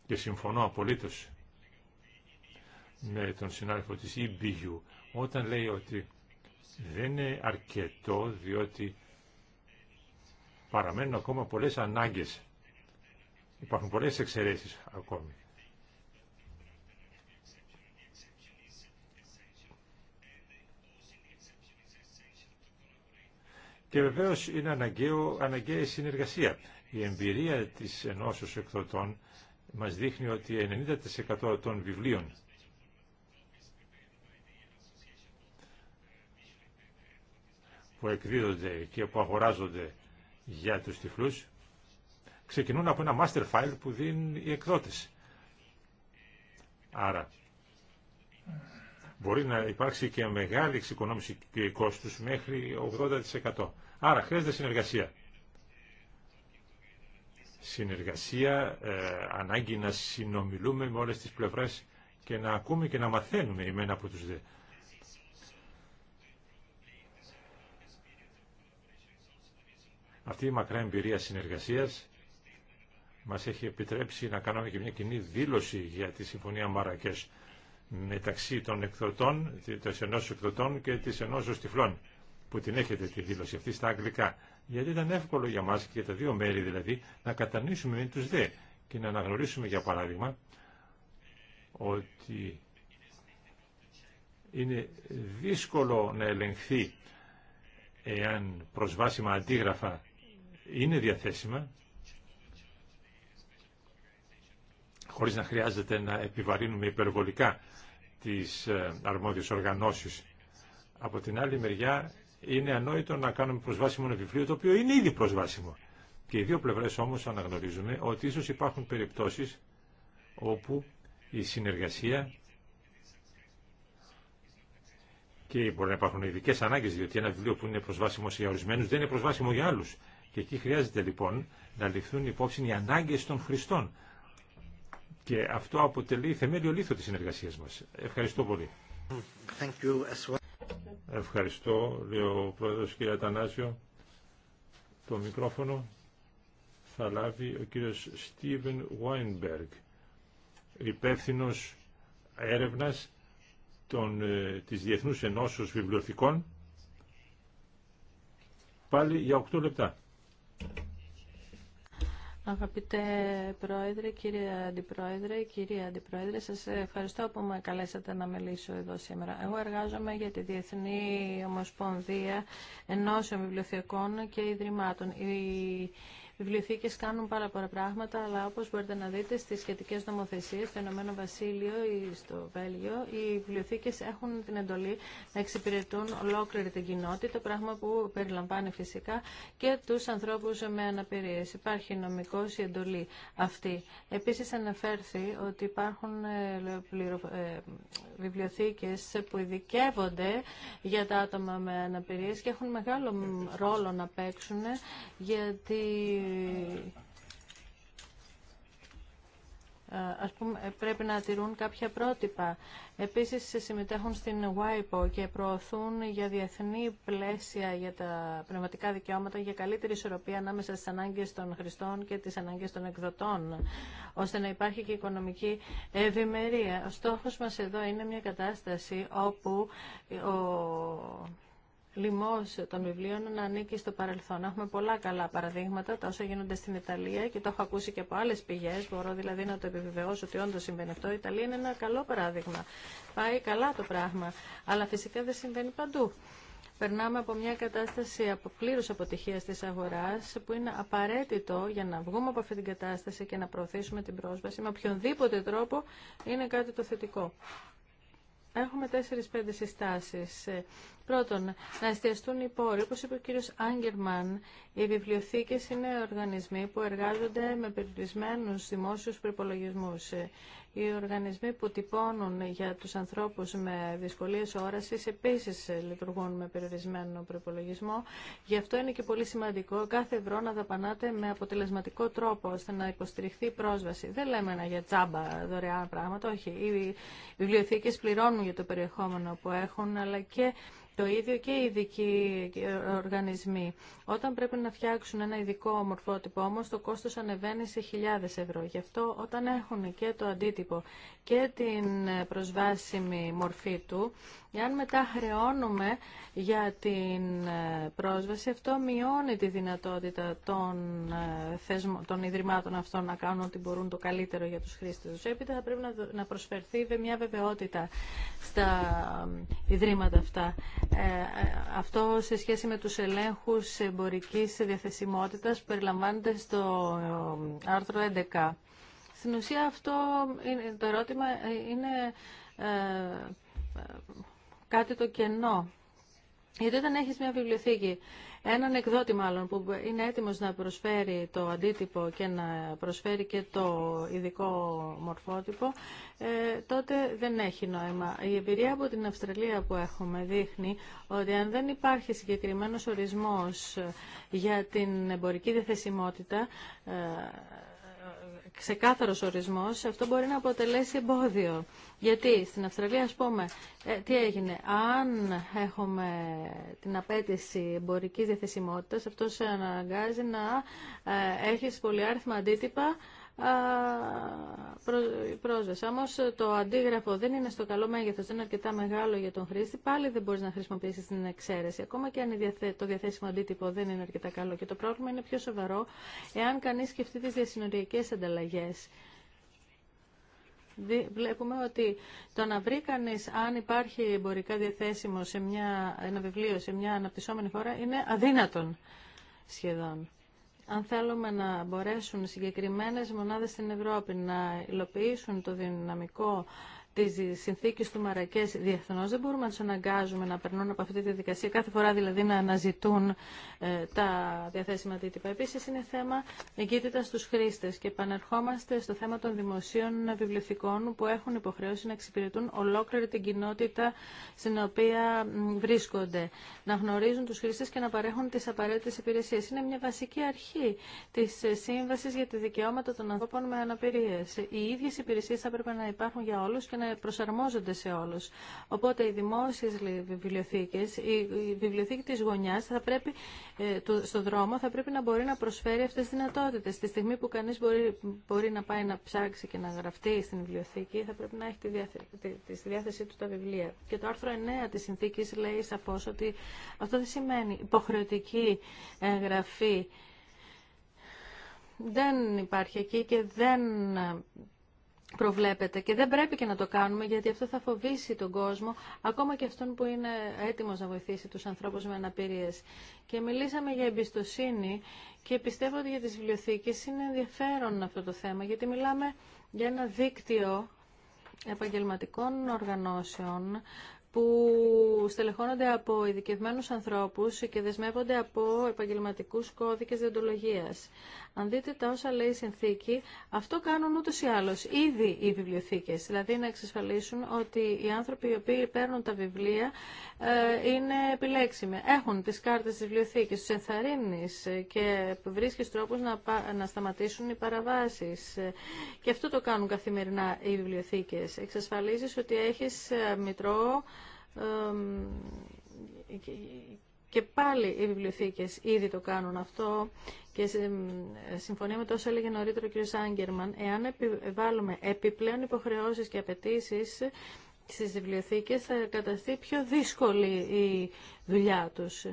και συμφωνώ απολύτως με τον συνάδελφο της EBU όταν λέει ότι δεν είναι αρκετό διότι παραμένουν ακόμα πολλές ανάγκες. Υπάρχουν πολλές εξαιρέσεις ακόμη. Και βεβαίως είναι αναγκαίο, αναγκαία η συνεργασία. Η εμπειρία της ενώσεως εκδοτών μας δείχνει ότι 90% των βιβλίων που εκδίδονται και που αγοράζονται για τους τυφλούς ξεκινούν από ένα master file που δίνουν οι εκδότες. Άρα μπορεί να υπάρξει και μεγάλη εξοικονόμηση και κόστους μέχρι 80%. Άρα χρειάζεται συνεργασία. Συνεργασία, ε, ανάγκη να συνομιλούμε με όλες τις πλευρές και να ακούμε και να μαθαίνουμε ημένα από τους δε. Αυτή η μακρά εμπειρία συνεργασίας μας έχει επιτρέψει να κάνουμε και μια κοινή δήλωση για τη Συμφωνία Μαρακές μεταξύ των εκδοτών, της ενός εκδοτών και της ενός τυφλών που την έχετε τη δήλωση αυτή στα αγγλικά. Γιατί ήταν εύκολο για μας και τα δύο μέρη δηλαδή να κατανοήσουμε με τους δε και να αναγνωρίσουμε για παράδειγμα ότι είναι δύσκολο να ελεγχθεί εάν προσβάσιμα αντίγραφα είναι διαθέσιμα χωρίς να χρειάζεται να επιβαρύνουμε υπερβολικά τις ε, αρμόδιες οργανώσεις. Από την άλλη μεριά είναι ανόητο να κάνουμε προσβάσιμο ένα βιβλίο το οποίο είναι ήδη προσβάσιμο. Και οι δύο πλευρές όμως αναγνωρίζουμε ότι ίσως υπάρχουν περιπτώσεις όπου η συνεργασία και μπορεί να υπάρχουν ειδικέ ανάγκες διότι ένα βιβλίο που είναι προσβάσιμο σε ορισμένους δεν είναι προσβάσιμο για άλλους. Και εκεί χρειάζεται λοιπόν να ληφθούν υπόψη οι ανάγκες των χρηστών. Και αυτό αποτελεί θεμέλιο λίθο της συνεργασίας μας. Ευχαριστώ πολύ. Ευχαριστώ, λέει ο πρόεδρος κ. Ατανάσιο. Το μικρόφωνο θα λάβει ο κύριος Στίβεν Βάινμπεργκ, υπεύθυνο έρευνας των, ε, της Διεθνούς Ενώσεως Βιβλιοθηκών, πάλι για 8 λεπτά. Αγαπητέ Πρόεδρε, κύριε Αντιπρόεδρε, κυρία Αντιπρόεδρε, σας ευχαριστώ που με καλέσατε να μιλήσω εδώ σήμερα. Εγώ εργάζομαι για τη Διεθνή Ομοσπονδία Ενώσεων Βιβλιοθηκών και Ιδρυμάτων. Η βιβλιοθήκες κάνουν πάρα πολλά πράγματα, αλλά όπως μπορείτε να δείτε στις σχετικές νομοθεσίες στο Ηνωμένο Βασίλειο ή στο Βέλγιο, οι βιβλιοθήκες έχουν την εντολή να εξυπηρετούν ολόκληρη την κοινότητα, πράγμα που περιλαμβάνει φυσικά και τους ανθρώπους με αναπηρίες. Υπάρχει νομικός η εντολή αυτή. Επίσης αναφέρθη ότι υπάρχουν ε, ε, βιβλιοθήκες που ειδικεύονται για τα άτομα με αναπηρίες και έχουν μεγάλο ρόλο να παίξουν γιατί ε, ας πούμε, ε, πρέπει να τηρούν κάποια πρότυπα. Επίσης συμμετέχουν στην WIPO και προωθούν για διεθνή πλαίσια για τα πνευματικά δικαιώματα για καλύτερη ισορροπία ανάμεσα στις ανάγκες των χρηστών και τις ανάγκες των εκδοτών, ώστε να υπάρχει και οικονομική ευημερία. Ο στόχος μας εδώ είναι μια κατάσταση όπου ο Λοιμό των βιβλίων να ανήκει στο παρελθόν. Έχουμε πολλά καλά παραδείγματα, τα όσα γίνονται στην Ιταλία και το έχω ακούσει και από άλλε πηγέ, μπορώ δηλαδή να το επιβεβαιώσω ότι όντω συμβαίνει αυτό. Η Ιταλία είναι ένα καλό παράδειγμα. Πάει καλά το πράγμα, αλλά φυσικά δεν συμβαίνει παντού. Περνάμε από μια κατάσταση από πλήρου αποτυχία τη αγορά, που είναι απαραίτητο για να βγούμε από αυτή την κατάσταση και να προωθήσουμε την πρόσβαση με οποιονδήποτε τρόπο είναι κάτι το θετικό. Έχουμε τέσσερις-πέντε συστάσεις. Ε, πρώτον, να εστιαστούν οι πόροι. Όπω είπε ο κύριο Άγγερμαν, οι βιβλιοθήκες είναι οργανισμοί που εργάζονται με περιορισμένου δημόσιου προπολογισμού. Ε, οι οργανισμοί που τυπώνουν για τους ανθρώπους με δυσκολίες όρασης επίσης λειτουργούν με περιορισμένο προπολογισμό. Γι' αυτό είναι και πολύ σημαντικό κάθε ευρώ να δαπανάτε με αποτελεσματικό τρόπο ώστε να υποστηριχθεί πρόσβαση. Δεν λέμε ένα για τσάμπα δωρεάν πράγματα, όχι. Οι βιβλιοθήκες πληρώνουν για το περιεχόμενο που έχουν, αλλά και το ίδιο και οι ειδικοί οργανισμοί. Όταν πρέπει να φτιάξουν ένα ειδικό μορφότυπο όμω, το κόστο ανεβαίνει σε χιλιάδε ευρώ. Γι' αυτό όταν έχουν και το αντίτυπο και την προσβάσιμη μορφή του, εάν μετά χρεώνουμε για την πρόσβαση, αυτό μειώνει τη δυνατότητα των, ε, θεσμο, των ιδρυμάτων αυτών να κάνουν ό,τι μπορούν το καλύτερο για τους χρήστες τους. Έπειτα θα πρέπει να προσφερθεί μια βεβαιότητα στα ε, ιδρύματα αυτά. Ε, ε, αυτό σε σχέση με τους ελέγχους εμπορικής διαθεσιμότητας περιλαμβάνεται στο ε, άρθρο 11. Στην ουσία αυτό το ερώτημα είναι κάτι το κενό γιατί όταν έχεις μια βιβλιοθήκη, έναν εκδότη μάλλον που είναι έτοιμος να προσφέρει το αντίτυπο και να προσφέρει και το ειδικό μορφότυπο, ε, τότε δεν έχει νόημα. Η εμπειρία από την Αυστραλία που έχουμε δείχνει ότι αν δεν υπάρχει συγκεκριμένος ορισμός για την εμπορική διαθεσιμότητα, ε, Ξεκάθαρο ορισμός, αυτό μπορεί να αποτελέσει εμπόδιο. Γιατί στην Αυστραλία, α πούμε, ε, τι έγινε, αν έχουμε την απέτηση εμπορική διαθεσιμότητα, αυτό σε αναγκάζει να ε, πολύ πολυάριθμα αντίτυπα πρόσβαση. Όμω το αντίγραφο δεν είναι στο καλό μέγεθο, δεν είναι αρκετά μεγάλο για τον χρήστη, πάλι δεν μπορεί να χρησιμοποιήσει την εξαίρεση. Ακόμα και αν το διαθέσιμο αντίτυπο δεν είναι αρκετά καλό. Και το πρόβλημα είναι πιο σοβαρό εάν κανεί σκεφτεί τι διασυνοριακέ ανταλλαγέ. Βλέπουμε ότι το να βρει κανεί αν υπάρχει εμπορικά διαθέσιμο σε μια, ένα βιβλίο σε μια αναπτυσσόμενη χώρα είναι αδύνατον σχεδόν αν θέλουμε να μπορέσουν συγκεκριμένες μονάδες στην Ευρώπη να υλοποιήσουν το δυναμικό τι συνθήκε του Μαρακέ διεθνώ. Δεν μπορούμε να του αναγκάζουμε να περνούν από αυτή τη διαδικασία κάθε φορά δηλαδή να αναζητούν ε, τα διαθέσιμα τίτυπα. Επίση είναι θέμα εγκύτητα στου χρήστε και επανερχόμαστε στο θέμα των δημοσίων βιβλιοθηκών που έχουν υποχρεώσει να εξυπηρετούν ολόκληρη την κοινότητα στην οποία βρίσκονται. Να γνωρίζουν του χρήστε και να παρέχουν τι απαραίτητε υπηρεσίε. Είναι μια βασική αρχή τη ε, Σύμβαση για τη Δικαιώματα των Ανθρώπων με Αναπηρίε. Οι ίδιε υπηρεσίε θα έπρεπε να υπάρχουν για όλου προσαρμόζονται σε όλους. Οπότε οι δημόσιες βιβλιοθήκες, η βιβλιοθήκη της γωνιά, θα πρέπει, ε, στο δρόμο θα πρέπει να μπορεί να προσφέρει αυτές τι δυνατότητες. Στη στιγμή που κανείς μπορεί, να πάει να ψάξει και να γραφτεί στην βιβλιοθήκη θα πρέπει να έχει τη στη διάθεσή του τα βιβλία. Και το άρθρο 9 τη συνθήκη λέει σαφώ ότι αυτό δεν σημαίνει υποχρεωτική εγγραφή δεν υπάρχει εκεί και δεν προβλέπεται και δεν πρέπει και να το κάνουμε γιατί αυτό θα φοβήσει τον κόσμο ακόμα και αυτόν που είναι έτοιμος να βοηθήσει τους ανθρώπους με αναπηρίες. Και μιλήσαμε για εμπιστοσύνη και πιστεύω ότι για τις βιβλιοθήκες είναι ενδιαφέρον αυτό το θέμα γιατί μιλάμε για ένα δίκτυο επαγγελματικών οργανώσεων που στελεχώνονται από ειδικευμένους ανθρώπους και δεσμεύονται από επαγγελματικούς κώδικες διοντολογία. Αν δείτε τα όσα λέει η συνθήκη, αυτό κάνουν ούτω ή άλλω ήδη οι βιβλιοθήκε. Δηλαδή να εξασφαλίσουν ότι οι άνθρωποι οι οποίοι παίρνουν τα βιβλία ε, είναι επιλέξιμοι. Έχουν τι κάρτε τη βιβλιοθήκη, του ενθαρρύνει και βρίσκει τρόπου να, να σταματήσουν οι παραβάσει. Και αυτό το κάνουν καθημερινά οι βιβλιοθήκε. Εξασφαλίζει ότι έχει ε, μητρό ε, και πάλι οι βιβλιοθήκες ήδη το κάνουν αυτό και συμφωνία με το όσο έλεγε νωρίτερα ο κ. Σάγκερμαν, εάν επιβάλλουμε επιπλέον υποχρεώσεις και απαιτήσει στις βιβλιοθήκες θα καταστεί πιο δύσκολη η δουλειά τους.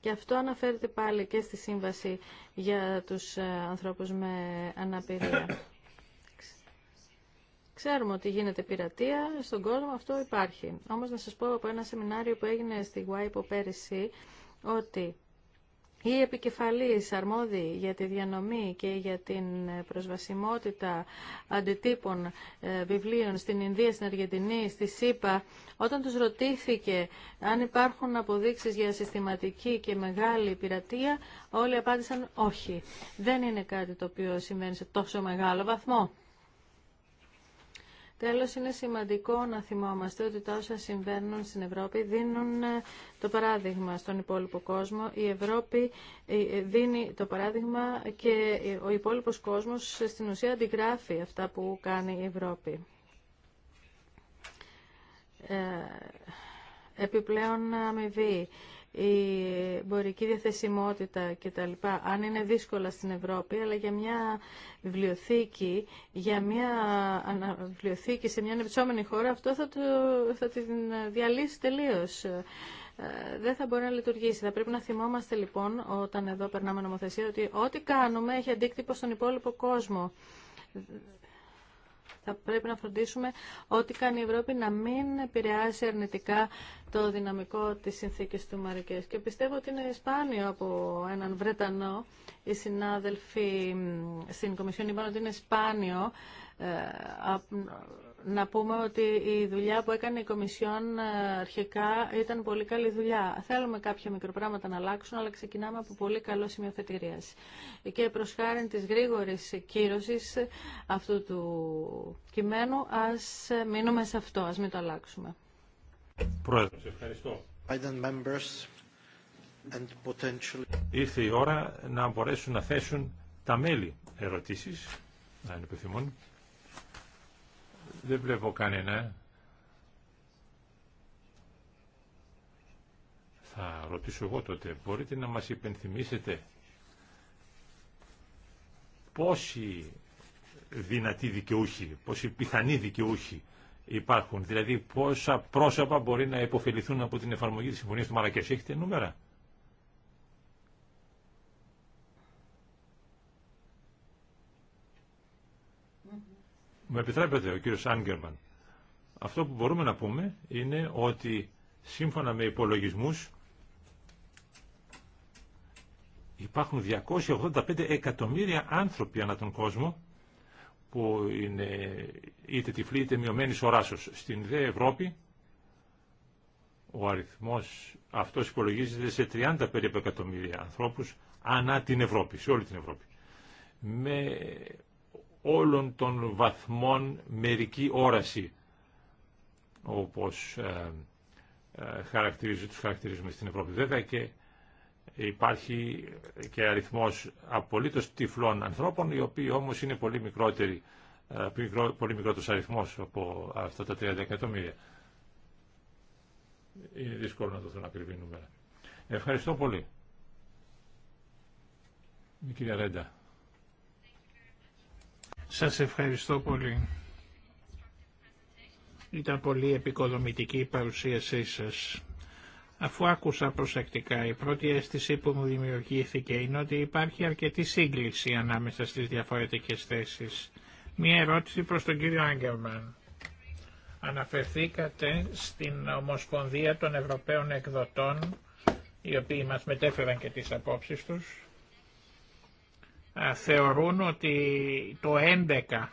Και αυτό αναφέρεται πάλι και στη σύμβαση για τους ε, ανθρώπους με αναπηρία. Ξέρουμε ότι γίνεται πειρατεία στον κόσμο, αυτό υπάρχει. Όμως να σας πω από ένα σεμινάριο που έγινε στη Γουάιπο πέρυσι ότι οι επικεφαλής αρμόδιοι για τη διανομή και για την προσβασιμότητα αντιτύπων ε, βιβλίων στην Ινδία, στην Αργεντινή, στη ΣΥΠΑ, όταν τους ρωτήθηκε αν υπάρχουν αποδείξεις για συστηματική και μεγάλη πειρατεία, όλοι απάντησαν όχι. Δεν είναι κάτι το οποίο σημαίνει σε τόσο μεγάλο βαθμό. Τέλος, είναι σημαντικό να θυμόμαστε ότι τα όσα συμβαίνουν στην Ευρώπη δίνουν ε, το παράδειγμα στον υπόλοιπο κόσμο. Η Ευρώπη ε, ε, δίνει το παράδειγμα και ο υπόλοιπος κόσμος στην ουσία αντιγράφει αυτά που κάνει η Ευρώπη. Επιπλέον αμοιβή η εμπορική διαθεσιμότητα λοιπά, Αν είναι δύσκολα στην Ευρώπη, αλλά για μια βιβλιοθήκη, για μια βιβλιοθήκη σε μια ανεψόμενη χώρα, αυτό θα, το, θα την διαλύσει τελείω. Ε, δεν θα μπορεί να λειτουργήσει. Θα πρέπει να θυμόμαστε λοιπόν, όταν εδώ περνάμε νομοθεσία, ότι ό,τι κάνουμε έχει αντίκτυπο στον υπόλοιπο κόσμο θα πρέπει να φροντίσουμε ό,τι κάνει η Ευρώπη να μην επηρεάσει αρνητικά το δυναμικό της συνθήκης του Μαρικές. Και πιστεύω ότι είναι σπάνιο από έναν Βρετανό, οι συνάδελφοι στην Κομισιόν είπαν ότι είναι σπάνιο ε, να πούμε ότι η δουλειά που έκανε η Κομισιόν ε, αρχικά ήταν πολύ καλή δουλειά. Θέλουμε κάποια μικροπράγματα να αλλάξουν, αλλά ξεκινάμε από πολύ καλό σημείο θετηρία. Και προ χάρη τη γρήγορη κύρωσης αυτού του κειμένου, α μείνουμε σε αυτό, α μην το αλλάξουμε. Πρόεδρε, ευχαριστώ. And Ήρθε η ώρα να μπορέσουν να θέσουν τα μέλη ερωτήσεις, αν επιθυμούν. Δεν βλέπω κανένα. Θα ρωτήσω εγώ τότε. Μπορείτε να μας υπενθυμίσετε πόσοι δυνατοί δικαιούχοι, πόσοι πιθανοί δικαιούχοι υπάρχουν. Δηλαδή πόσα πρόσωπα μπορεί να υποφεληθούν από την εφαρμογή της Συμφωνίας του Μαρακές. Έχετε νούμερα. Με επιτρέπετε ο κύριος Άγγερμαν. Αυτό που μπορούμε να πούμε είναι ότι σύμφωνα με υπολογισμούς υπάρχουν 285 εκατομμύρια άνθρωποι ανά τον κόσμο που είναι είτε τυφλοί είτε μειωμένοι οράσος. Στην ΔΕ Ευρώπη ο αριθμός αυτός υπολογίζεται σε 30 περίπου εκατομμύρια ανθρώπους ανά την Ευρώπη, σε όλη την Ευρώπη. Με όλων των βαθμών μερική όραση, όπως ε, ε, τους χαρακτηρίζουμε στην Ευρώπη. Βέβαια και υπάρχει και αριθμός απολύτως τυφλών ανθρώπων, οι οποίοι όμως είναι πολύ μικρότεροι, ε, πολύ μικρότερος αριθμός από αυτά τα 30 εκατομμύρια. Είναι δύσκολο να δοθούν ακριβή νούμερα. Ευχαριστώ πολύ. Η κυρία Ρέντα. Σας ευχαριστώ πολύ. Ήταν πολύ επικοδομητική η παρουσίασή σας. Αφού άκουσα προσεκτικά, η πρώτη αίσθηση που μου δημιουργήθηκε είναι ότι υπάρχει αρκετή σύγκληση ανάμεσα στις διαφορετικές θέσεις. Μία ερώτηση προς τον κύριο Άγγελμαν. Αναφερθήκατε στην Ομοσπονδία των Ευρωπαίων Εκδοτών, οι οποίοι μας μετέφεραν και τις απόψεις τους, ε, θεωρούν ότι το 11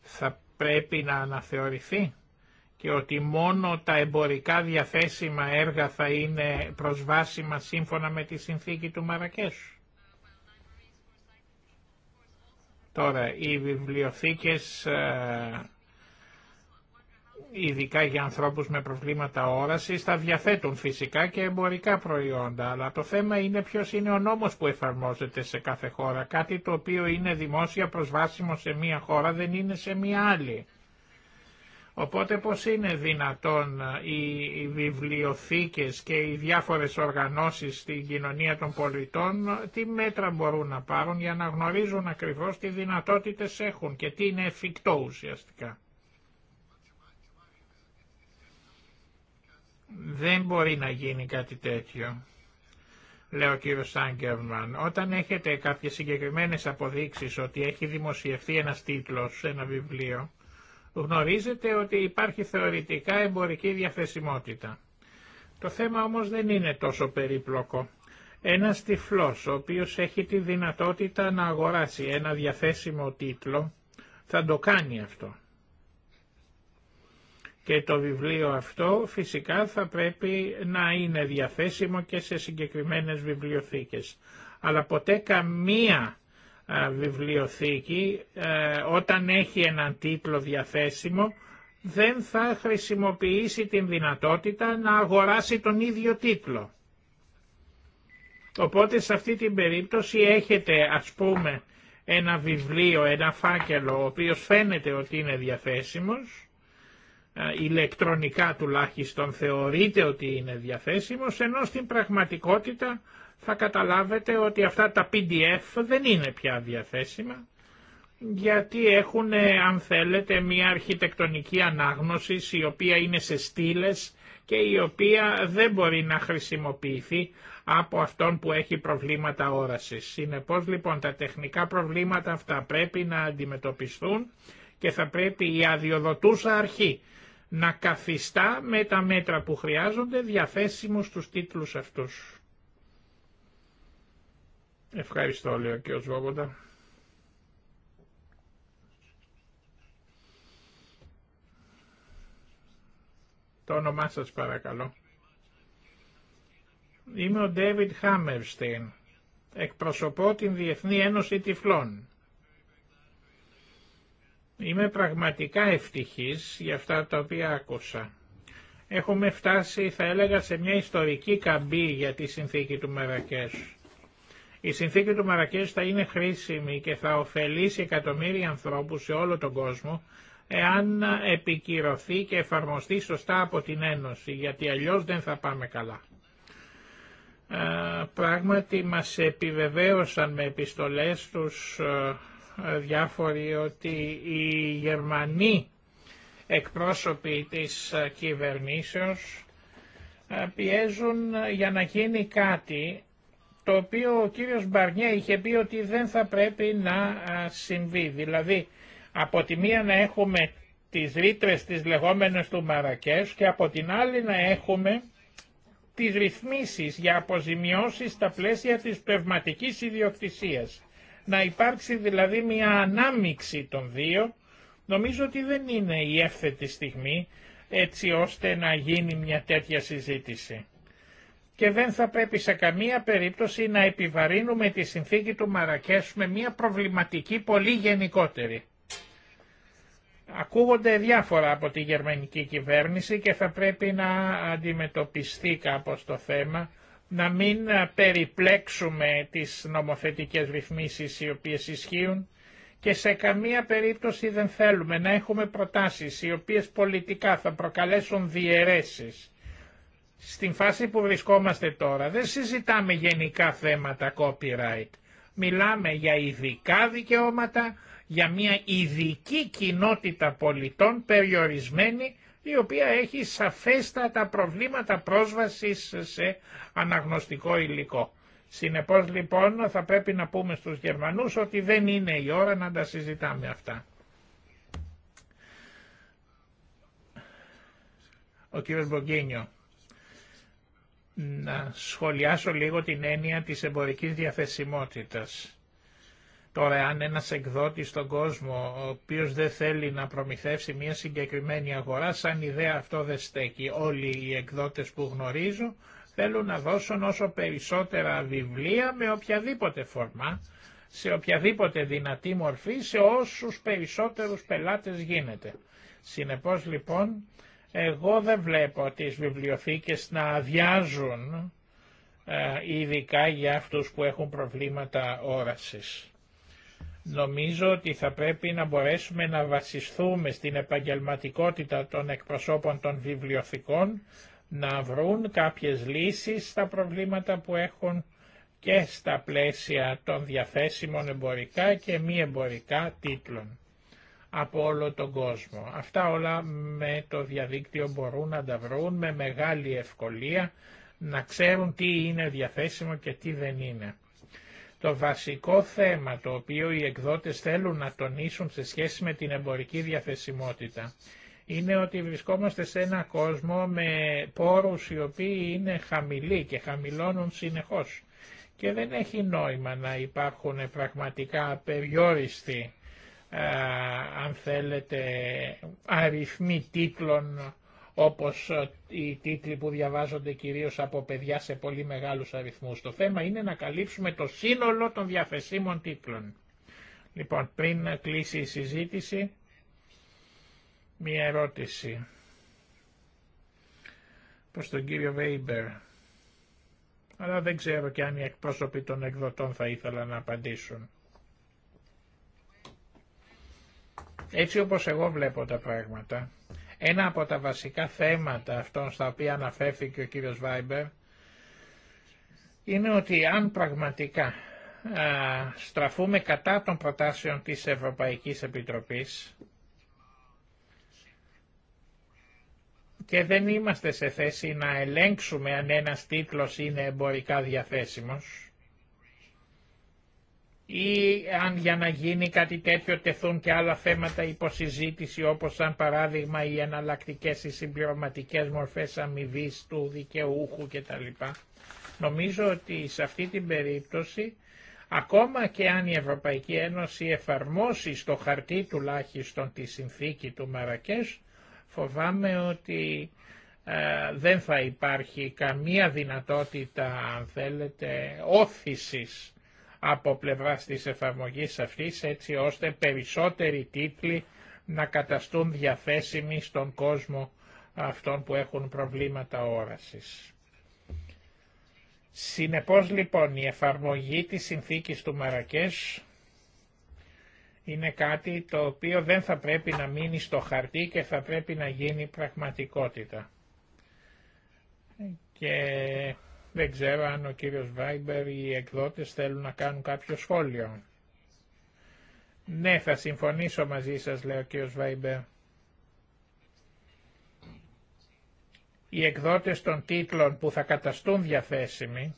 θα πρέπει να αναθεωρηθεί και ότι μόνο τα εμπορικά διαθέσιμα έργα θα είναι προσβάσιμα σύμφωνα με τη συνθήκη του Μαρακέσου. Τώρα, οι βιβλιοθήκες ε, ειδικά για ανθρώπους με προβλήματα όρασης, θα διαθέτουν φυσικά και εμπορικά προϊόντα, αλλά το θέμα είναι ποιος είναι ο νόμος που εφαρμόζεται σε κάθε χώρα. Κάτι το οποίο είναι δημόσια προσβάσιμο σε μία χώρα δεν είναι σε μία άλλη. Οπότε πώς είναι δυνατόν ε, οι βιβλιοθήκες και οι διάφορες οργανώσεις στην κοινωνία των πολιτών ε, τι μέτρα μπορούν να πάρουν για να γνωρίζουν ακριβώς τι δυνατότητες έχουν και τι είναι εφικτό ουσιαστικά. Δεν μπορεί να γίνει κάτι τέτοιο, λέει ο κύριος Σάγκερμαν. Όταν έχετε κάποιες συγκεκριμένες αποδείξεις ότι έχει δημοσιευθεί ένας τίτλος, ένα βιβλίο, γνωρίζετε ότι υπάρχει θεωρητικά εμπορική διαθεσιμότητα. Το θέμα όμως δεν είναι τόσο περίπλοκο. Ένα τυφλός, ο οποίος έχει τη δυνατότητα να αγοράσει ένα διαθέσιμο τίτλο, θα το κάνει αυτό. Και το βιβλίο αυτό φυσικά θα πρέπει να είναι διαθέσιμο και σε συγκεκριμένες βιβλιοθήκες. Αλλά ποτέ καμία βιβλιοθήκη όταν έχει έναν τίτλο διαθέσιμο δεν θα χρησιμοποιήσει την δυνατότητα να αγοράσει τον ίδιο τίτλο. Οπότε σε αυτή την περίπτωση έχετε ας πούμε ένα βιβλίο, ένα φάκελο ο οποίος φαίνεται ότι είναι διαθέσιμος ηλεκτρονικά τουλάχιστον θεωρείται ότι είναι διαθέσιμος, ενώ στην πραγματικότητα θα καταλάβετε ότι αυτά τα PDF δεν είναι πια διαθέσιμα, γιατί έχουν, ε, αν θέλετε, μια αρχιτεκτονική ανάγνωση η οποία είναι σε στήλε και η οποία δεν μπορεί να χρησιμοποιηθεί από αυτόν που έχει προβλήματα όρασης. Συνεπώς λοιπόν τα τεχνικά προβλήματα αυτά πρέπει να αντιμετωπιστούν και θα πρέπει η αδειοδοτούσα αρχή να καθιστά με τα μέτρα που χρειάζονται διαθέσιμους τους τίτλους αυτούς. Ευχαριστώ, λέει ο κ. Το όνομά σας παρακαλώ. Είμαι ο Ντέβιτ Χάμερστιν. Εκπροσωπώ την Διεθνή Ένωση Τυφλών. Είμαι πραγματικά ευτυχής για αυτά τα οποία άκουσα. Έχουμε φτάσει, θα έλεγα, σε μια ιστορική καμπή για τη συνθήκη του Μαρακές. Η συνθήκη του Μαρακές θα είναι χρήσιμη και θα ωφελήσει εκατομμύρια ανθρώπους σε όλο τον κόσμο, εάν επικυρωθεί και εφαρμοστεί σωστά από την Ένωση, γιατί αλλιώς δεν θα πάμε καλά. Ε, πράγματι μας επιβεβαίωσαν με επιστολές τους ε, διάφοροι ότι οι Γερμανοί εκπρόσωποι της κυβερνήσεως ε, πιέζουν για να γίνει κάτι το οποίο ο κύριος Μπαρνιέ είχε πει ότι δεν θα πρέπει να ε, συμβεί. Δηλαδή από τη μία να έχουμε τις ρήτρες τις λεγόμενες του Μαρακές και από την άλλη να έχουμε τις ρυθμίσεις για αποζημιώσεις στα πλαίσια της πνευματικής ιδιοκτησίας να υπάρξει δηλαδή μια ανάμιξη των δύο, νομίζω ότι δεν είναι η εύθετη στιγμή έτσι ώστε να γίνει μια τέτοια συζήτηση. Και δεν θα πρέπει σε καμία περίπτωση να επιβαρύνουμε τη συνθήκη του Μαρακές με μια προβληματική πολύ γενικότερη. Ακούγονται διάφορα από τη γερμανική κυβέρνηση και θα πρέπει να αντιμετωπιστεί κάπως το θέμα να μην ε, περιπλέξουμε τις νομοθετικές ρυθμίσεις οι οποίες ισχύουν και σε καμία περίπτωση δεν θέλουμε να έχουμε προτάσεις οι οποίες πολιτικά θα προκαλέσουν διαιρέσεις. Στην φάση που βρισκόμαστε τώρα δεν συζητάμε γενικά θέματα copyright. Μιλάμε για ειδικά δικαιώματα, για μια ειδική κοινότητα πολιτών περιορισμένη η οποία έχει σαφέστατα προβλήματα πρόσβασης σε αναγνωστικό υλικό. Συνεπώς λοιπόν θα πρέπει να πούμε στους Γερμανούς ότι δεν είναι η ώρα να τα συζητάμε αυτά. Ο κύριος Μπογκίνιο. Να σχολιάσω λίγο την έννοια της εμπορικής διαθεσιμότητας. Τώρα αν ένας εκδότη στον κόσμο ο οποίο δεν θέλει να προμηθεύσει μια συγκεκριμένη αγορά, σαν ιδέα αυτό δεν στέκει. Όλοι οι εκδότες που γνωρίζω θέλουν να δώσουν όσο περισσότερα βιβλία με οποιαδήποτε φορμά, σε οποιαδήποτε δυνατή μορφή, σε όσους περισσότερους πελάτες γίνεται. Συνεπώς λοιπόν εγώ δεν βλέπω τις βιβλιοθήκες να αδειάζουν ε, ειδικά για αυτούς που έχουν προβλήματα όρασης. Νομίζω ότι θα πρέπει να μπορέσουμε να βασιστούμε στην επαγγελματικότητα των εκπροσώπων των βιβλιοθηκών, να βρουν κάποιες λύσεις στα προβλήματα που έχουν και στα πλαίσια των διαθέσιμων εμπορικά και μη εμπορικά τίτλων από όλο τον κόσμο. Αυτά όλα με το διαδίκτυο μπορούν να τα βρουν με μεγάλη ευκολία να ξέρουν τι είναι διαθέσιμο και τι δεν είναι. Το βασικό θέμα το οποίο οι εκδότες θέλουν να τονίσουν σε σχέση με την εμπορική διαθεσιμότητα είναι ότι βρισκόμαστε σε ένα κόσμο με πόρους οι οποίοι είναι χαμηλοί και χαμηλώνουν συνεχώς και δεν έχει νόημα να υπάρχουν πραγματικά απεριόριστοι αν θέλετε αριθμοί τίτλων όπως ε, οι τίτλοι που διαβάζονται κυρίως από παιδιά σε πολύ μεγάλους αριθμούς. Το θέμα είναι να καλύψουμε το σύνολο των διαθεσίμων τίτλων. Λοιπόν, πριν κλείσει η συζήτηση, μία ερώτηση προς τον κύριο Βέιμπερ. Αλλά δεν ξέρω και αν οι εκπρόσωποι των εκδοτών θα ήθελα να απαντήσουν. Έτσι όπως εγώ βλέπω τα πράγματα, ένα από τα βασικά θέματα αυτών στα οποία αναφέρθηκε ο κύριος Βάιμπερ είναι ότι αν πραγματικά στραφούμε κατά των προτάσεων της Ευρωπαϊκής Επιτροπής και δεν είμαστε σε θέση να ελέγξουμε αν ένας τίτλος είναι εμπορικά διαθέσιμος, ή αν για να γίνει κάτι τέτοιο τεθούν και άλλα θέματα υποσυζήτηση όπως σαν παράδειγμα οι εναλλακτικέ ή συμπληρωματικέ μορφές αμοιβή του δικαιούχου κτλ. Νομίζω ότι σε αυτή την περίπτωση ακόμα και αν η Ευρωπαϊκή Ένωση εφαρμόσει στο χαρτί τουλάχιστον τη συνθήκη του Μαρακές φοβάμαι ότι ε, δεν θα υπάρχει καμία δυνατότητα αν θέλετε όθησης από πλευράς της εφαρμογής αυτής έτσι ώστε περισσότεροι τίτλοι να καταστούν διαθέσιμοι στον κόσμο αυτών που έχουν προβλήματα όρασης. Συνεπώς λοιπόν η εφαρμογή της συνθήκης του Μαρακές είναι κάτι το οποίο δεν θα πρέπει να μείνει στο χαρτί και θα πρέπει να γίνει πραγματικότητα. Δεν ξέρω αν ο κύριος Βάιμπερ ή οι εκδότες θέλουν να κάνουν κάποιο σχόλιο. Ναι, θα συμφωνήσω μαζί σας, λέει ο κύριος Βάιμπερ. Οι εκδότες των τίτλων που θα καταστούν διαθέσιμοι,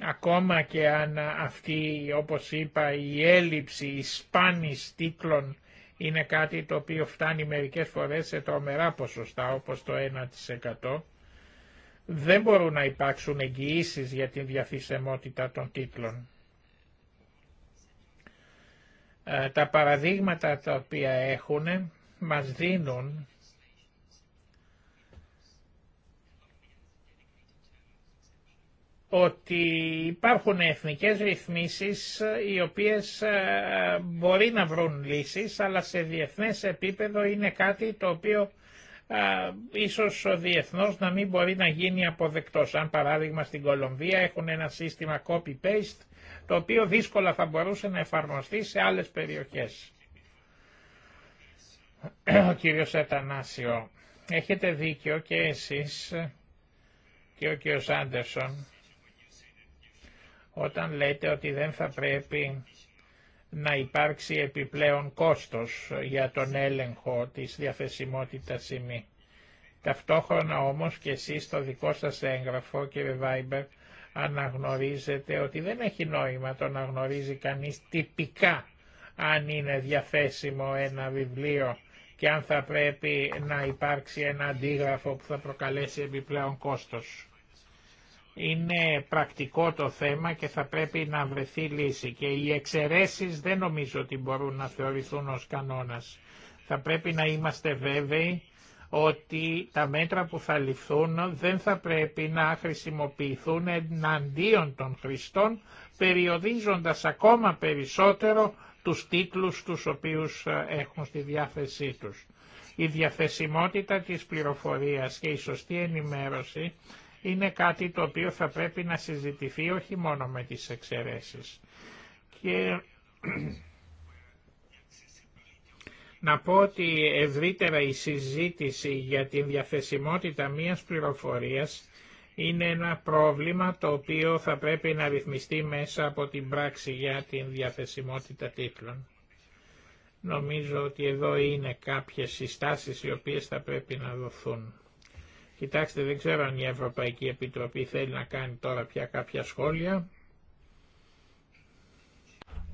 ακόμα και αν αυτή, όπως είπα, η έλλειψη, η σπάνης τίτλων είναι κάτι το οποίο φτάνει μερικές φορές σε τρομερά ποσοστά όπως το 1%. Δεν μπορούν να υπάρξουν εγγυήσεις για την διαφυσιμότητα των τίτλων. Ε, τα παραδείγματα τα οποία έχουν μας δίνουν ότι υπάρχουν εθνικές ρυθμίσεις ε, οι οποίες ε, μπορεί να βρουν λύσεις, αλλά σε διεθνές επίπεδο είναι κάτι το οποίο ε, ίσως ο διεθνός να μην μπορεί να γίνει αποδεκτός. Αν παράδειγμα στην Κολομβία έχουν ένα σύστημα copy-paste, το οποίο δύσκολα θα μπορούσε να εφαρμοστεί σε άλλες περιοχές. Ο κύριος Ατανάσιο, έχετε δίκιο και εσείς και ο κύριος Άντερσον όταν λέτε ότι δεν θα πρέπει να υπάρξει επιπλέον κόστος για τον έλεγχο της διαθεσιμότητας σημεί. Ταυτόχρονα όμως και εσείς στο δικό σας έγγραφο, κύριε Βάιμπερ, αναγνωρίζετε ότι δεν έχει νόημα το να γνωρίζει κανείς τυπικά αν είναι διαθέσιμο ένα βιβλίο και αν θα πρέπει να υπάρξει ένα αντίγραφο που θα προκαλέσει επιπλέον κόστος. Είναι πρακτικό το θέμα και θα πρέπει να βρεθεί λύση και οι εξαιρεσει δεν νομίζω ότι μπορούν να θεωρηθούν ως κανόνας. Θα πρέπει να είμαστε βέβαιοι ότι τα μέτρα που θα ληφθούν δεν θα πρέπει να χρησιμοποιηθούν εναντίον των χρηστών, περιοδίζοντας ακόμα περισσότερο τους τίτλους τους οποίους ε, έχουν στη διάθεσή τους. Η διαθεσιμότητα της πληροφορίας και η σωστή ενημέρωση είναι κάτι το οποίο θα πρέπει να συζητηθεί όχι μόνο με τις εξαιρέσεις. Και να πω ότι ευρύτερα η συζήτηση για την διαθεσιμότητα μίας πληροφορίας είναι ένα πρόβλημα το οποίο θα πρέπει να ρυθμιστεί μέσα από την πράξη για την διαθεσιμότητα τίτλων. Νομίζω ότι εδώ είναι κάποιες συστάσεις οι οποίες θα πρέπει να δοθούν. Κοιτάξτε, δεν ξέρω αν η Ευρωπαϊκή Επιτροπή θέλει να κάνει τώρα πια κάποια σχόλια.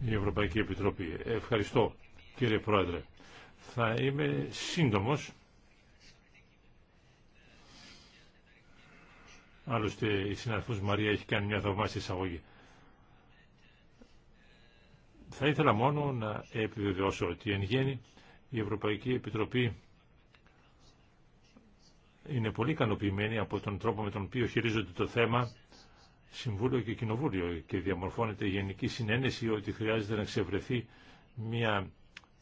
Η Ευρωπαϊκή Επιτροπή. Ευχαριστώ, κύριε Πρόεδρε. Θα είμαι σύντομος. Άλλωστε, η συναρφούς Μαρία έχει κάνει μια θαυμάσια εισαγωγή. Θα ήθελα μόνο να επιβεβαιώσω ότι εν γέννη η Ευρωπαϊκή Επιτροπή είναι πολύ ικανοποιημένοι από τον τρόπο με τον οποίο χειρίζονται το θέμα Συμβούλιο και Κοινοβούλιο και διαμορφώνεται η γενική συνένεση ότι χρειάζεται να ξεβρεθεί μια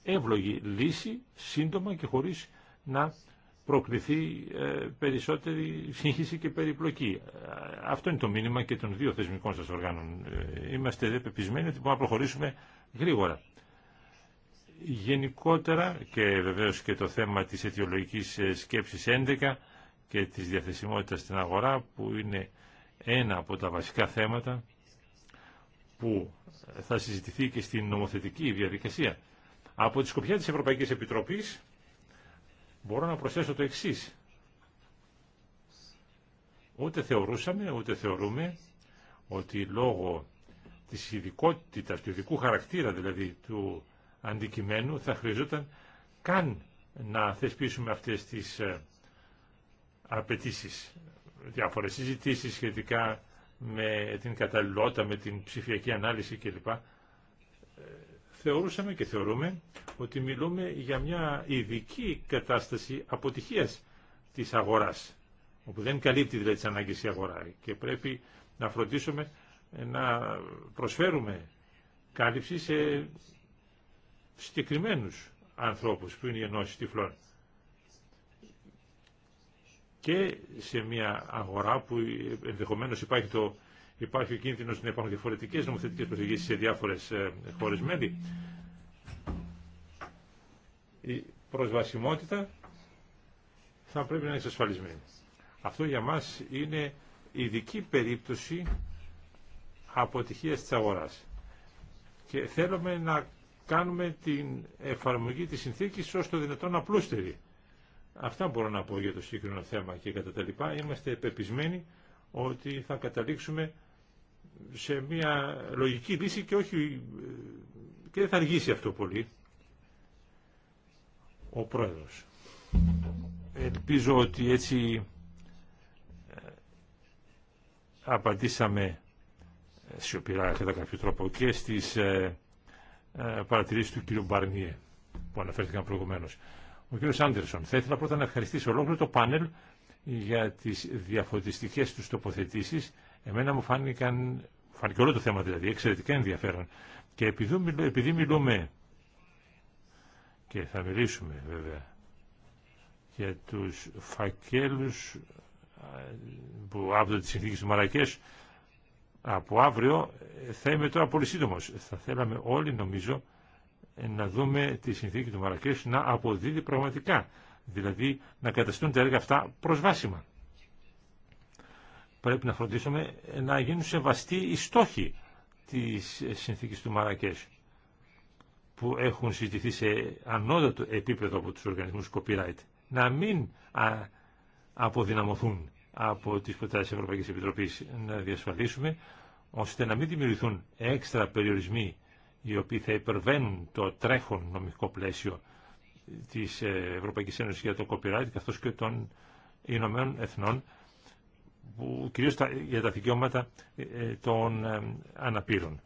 εύλογη λύση σύντομα και χωρίς να προκληθεί ε, περισσότερη σύγχυση και περιπλοκή. Αυτό είναι το μήνυμα και των δύο θεσμικών σας οργάνων. Ε, είμαστε δε πεπισμένοι ότι μπορούμε να προχωρήσουμε γρήγορα. Γενικότερα και βεβαίως και το θέμα της αιτιολογικής ε, σκέψης 11 και της διαθεσιμότητας στην αγορά που είναι ένα από τα βασικά θέματα που θα συζητηθεί και στην νομοθετική διαδικασία. Από τη σκοπιά της Ευρωπαϊκής Επιτροπής μπορώ να προσθέσω το εξής. Ούτε θεωρούσαμε, ούτε θεωρούμε ότι λόγω της ειδικότητας, του ειδικού χαρακτήρα δηλαδή του αντικειμένου θα χρειαζόταν καν να θεσπίσουμε αυτές τις ε, απαιτήσει, διάφορε συζητήσει σχετικά με την καταλληλότητα, με την ψηφιακή ανάλυση κλπ. Ε, θεωρούσαμε και θεωρούμε ότι μιλούμε για μια ειδική κατάσταση αποτυχίας της αγοράς, όπου δεν καλύπτει δηλαδή τις ανάγκες η αγορά και πρέπει να φροντίσουμε να προσφέρουμε κάλυψη σε συγκεκριμένους ανθρώπους που είναι οι ενώσεις τυφλών και σε μια αγορά που ενδεχομένω υπάρχει, το, υπάρχει ο κίνδυνο να υπάρχουν διαφορετικέ νομοθετικέ προσεγγίσεις σε διάφορες ε, χώρες μέλη. Η προσβασιμότητα θα πρέπει να είναι εξασφαλισμένη. Αυτό για μας είναι ειδική περίπτωση αποτυχίας της αγοράς. Και θέλουμε να κάνουμε την εφαρμογή της συνθήκης όσο το δυνατόν απλούστερη. Αυτά μπορώ να πω για το σύγχρονο θέμα και κατά τα λοιπά. Είμαστε επεπισμένοι ότι θα καταλήξουμε σε μια λογική λύση και, όχι, και δεν θα αργήσει αυτό πολύ. Ο Πρόεδρος. Ελπίζω ότι έτσι ε, απαντήσαμε ε, σιωπηρά κατά κάποιο τρόπο και στις ε, παρατηρήσεις του κ. Μπαρνιέ που αναφέρθηκαν προηγουμένως. Ο κ. Άντερσον, θα ήθελα πρώτα να ευχαριστήσω ολόκληρο το πάνελ για τις διαφωτιστικές του τοποθετήσει, Εμένα μου φάνηκαν, φάνηκε όλο το θέμα δηλαδή, εξαιρετικά ενδιαφέρον. Και επειδή μιλούμε, και θα μιλήσουμε βέβαια, για τους φακέλους που από τη συνθήκη του Μαρακές, από αύριο θα είμαι τώρα πολύ σύντομο. Θα θέλαμε όλοι νομίζω να δούμε τη συνθήκη του Μαρακέσου να αποδίδει πραγματικά, δηλαδή να καταστούν τα έργα αυτά προσβάσιμα. Πρέπει να φροντίσουμε να γίνουν σεβαστοί οι στόχοι της συνθήκης του Μαρακέσου που έχουν συζητηθεί σε ανώτατο επίπεδο από τους οργανισμούς copyright να μην αποδυναμωθούν από τις προτάσεις Ευρωπαϊκής Επιτροπής να διασφαλίσουμε ώστε να μην δημιουργηθούν έξτρα περιορισμοί οι οποίοι θα υπερβαίνουν το τρέχον νομικό πλαίσιο της ε, Ευρωπαϊκής Ένωσης για το copyright καθώς και των Ηνωμένων Εθνών που κυρίως για τα δικαιώματα ε, ε, των αναπήρων.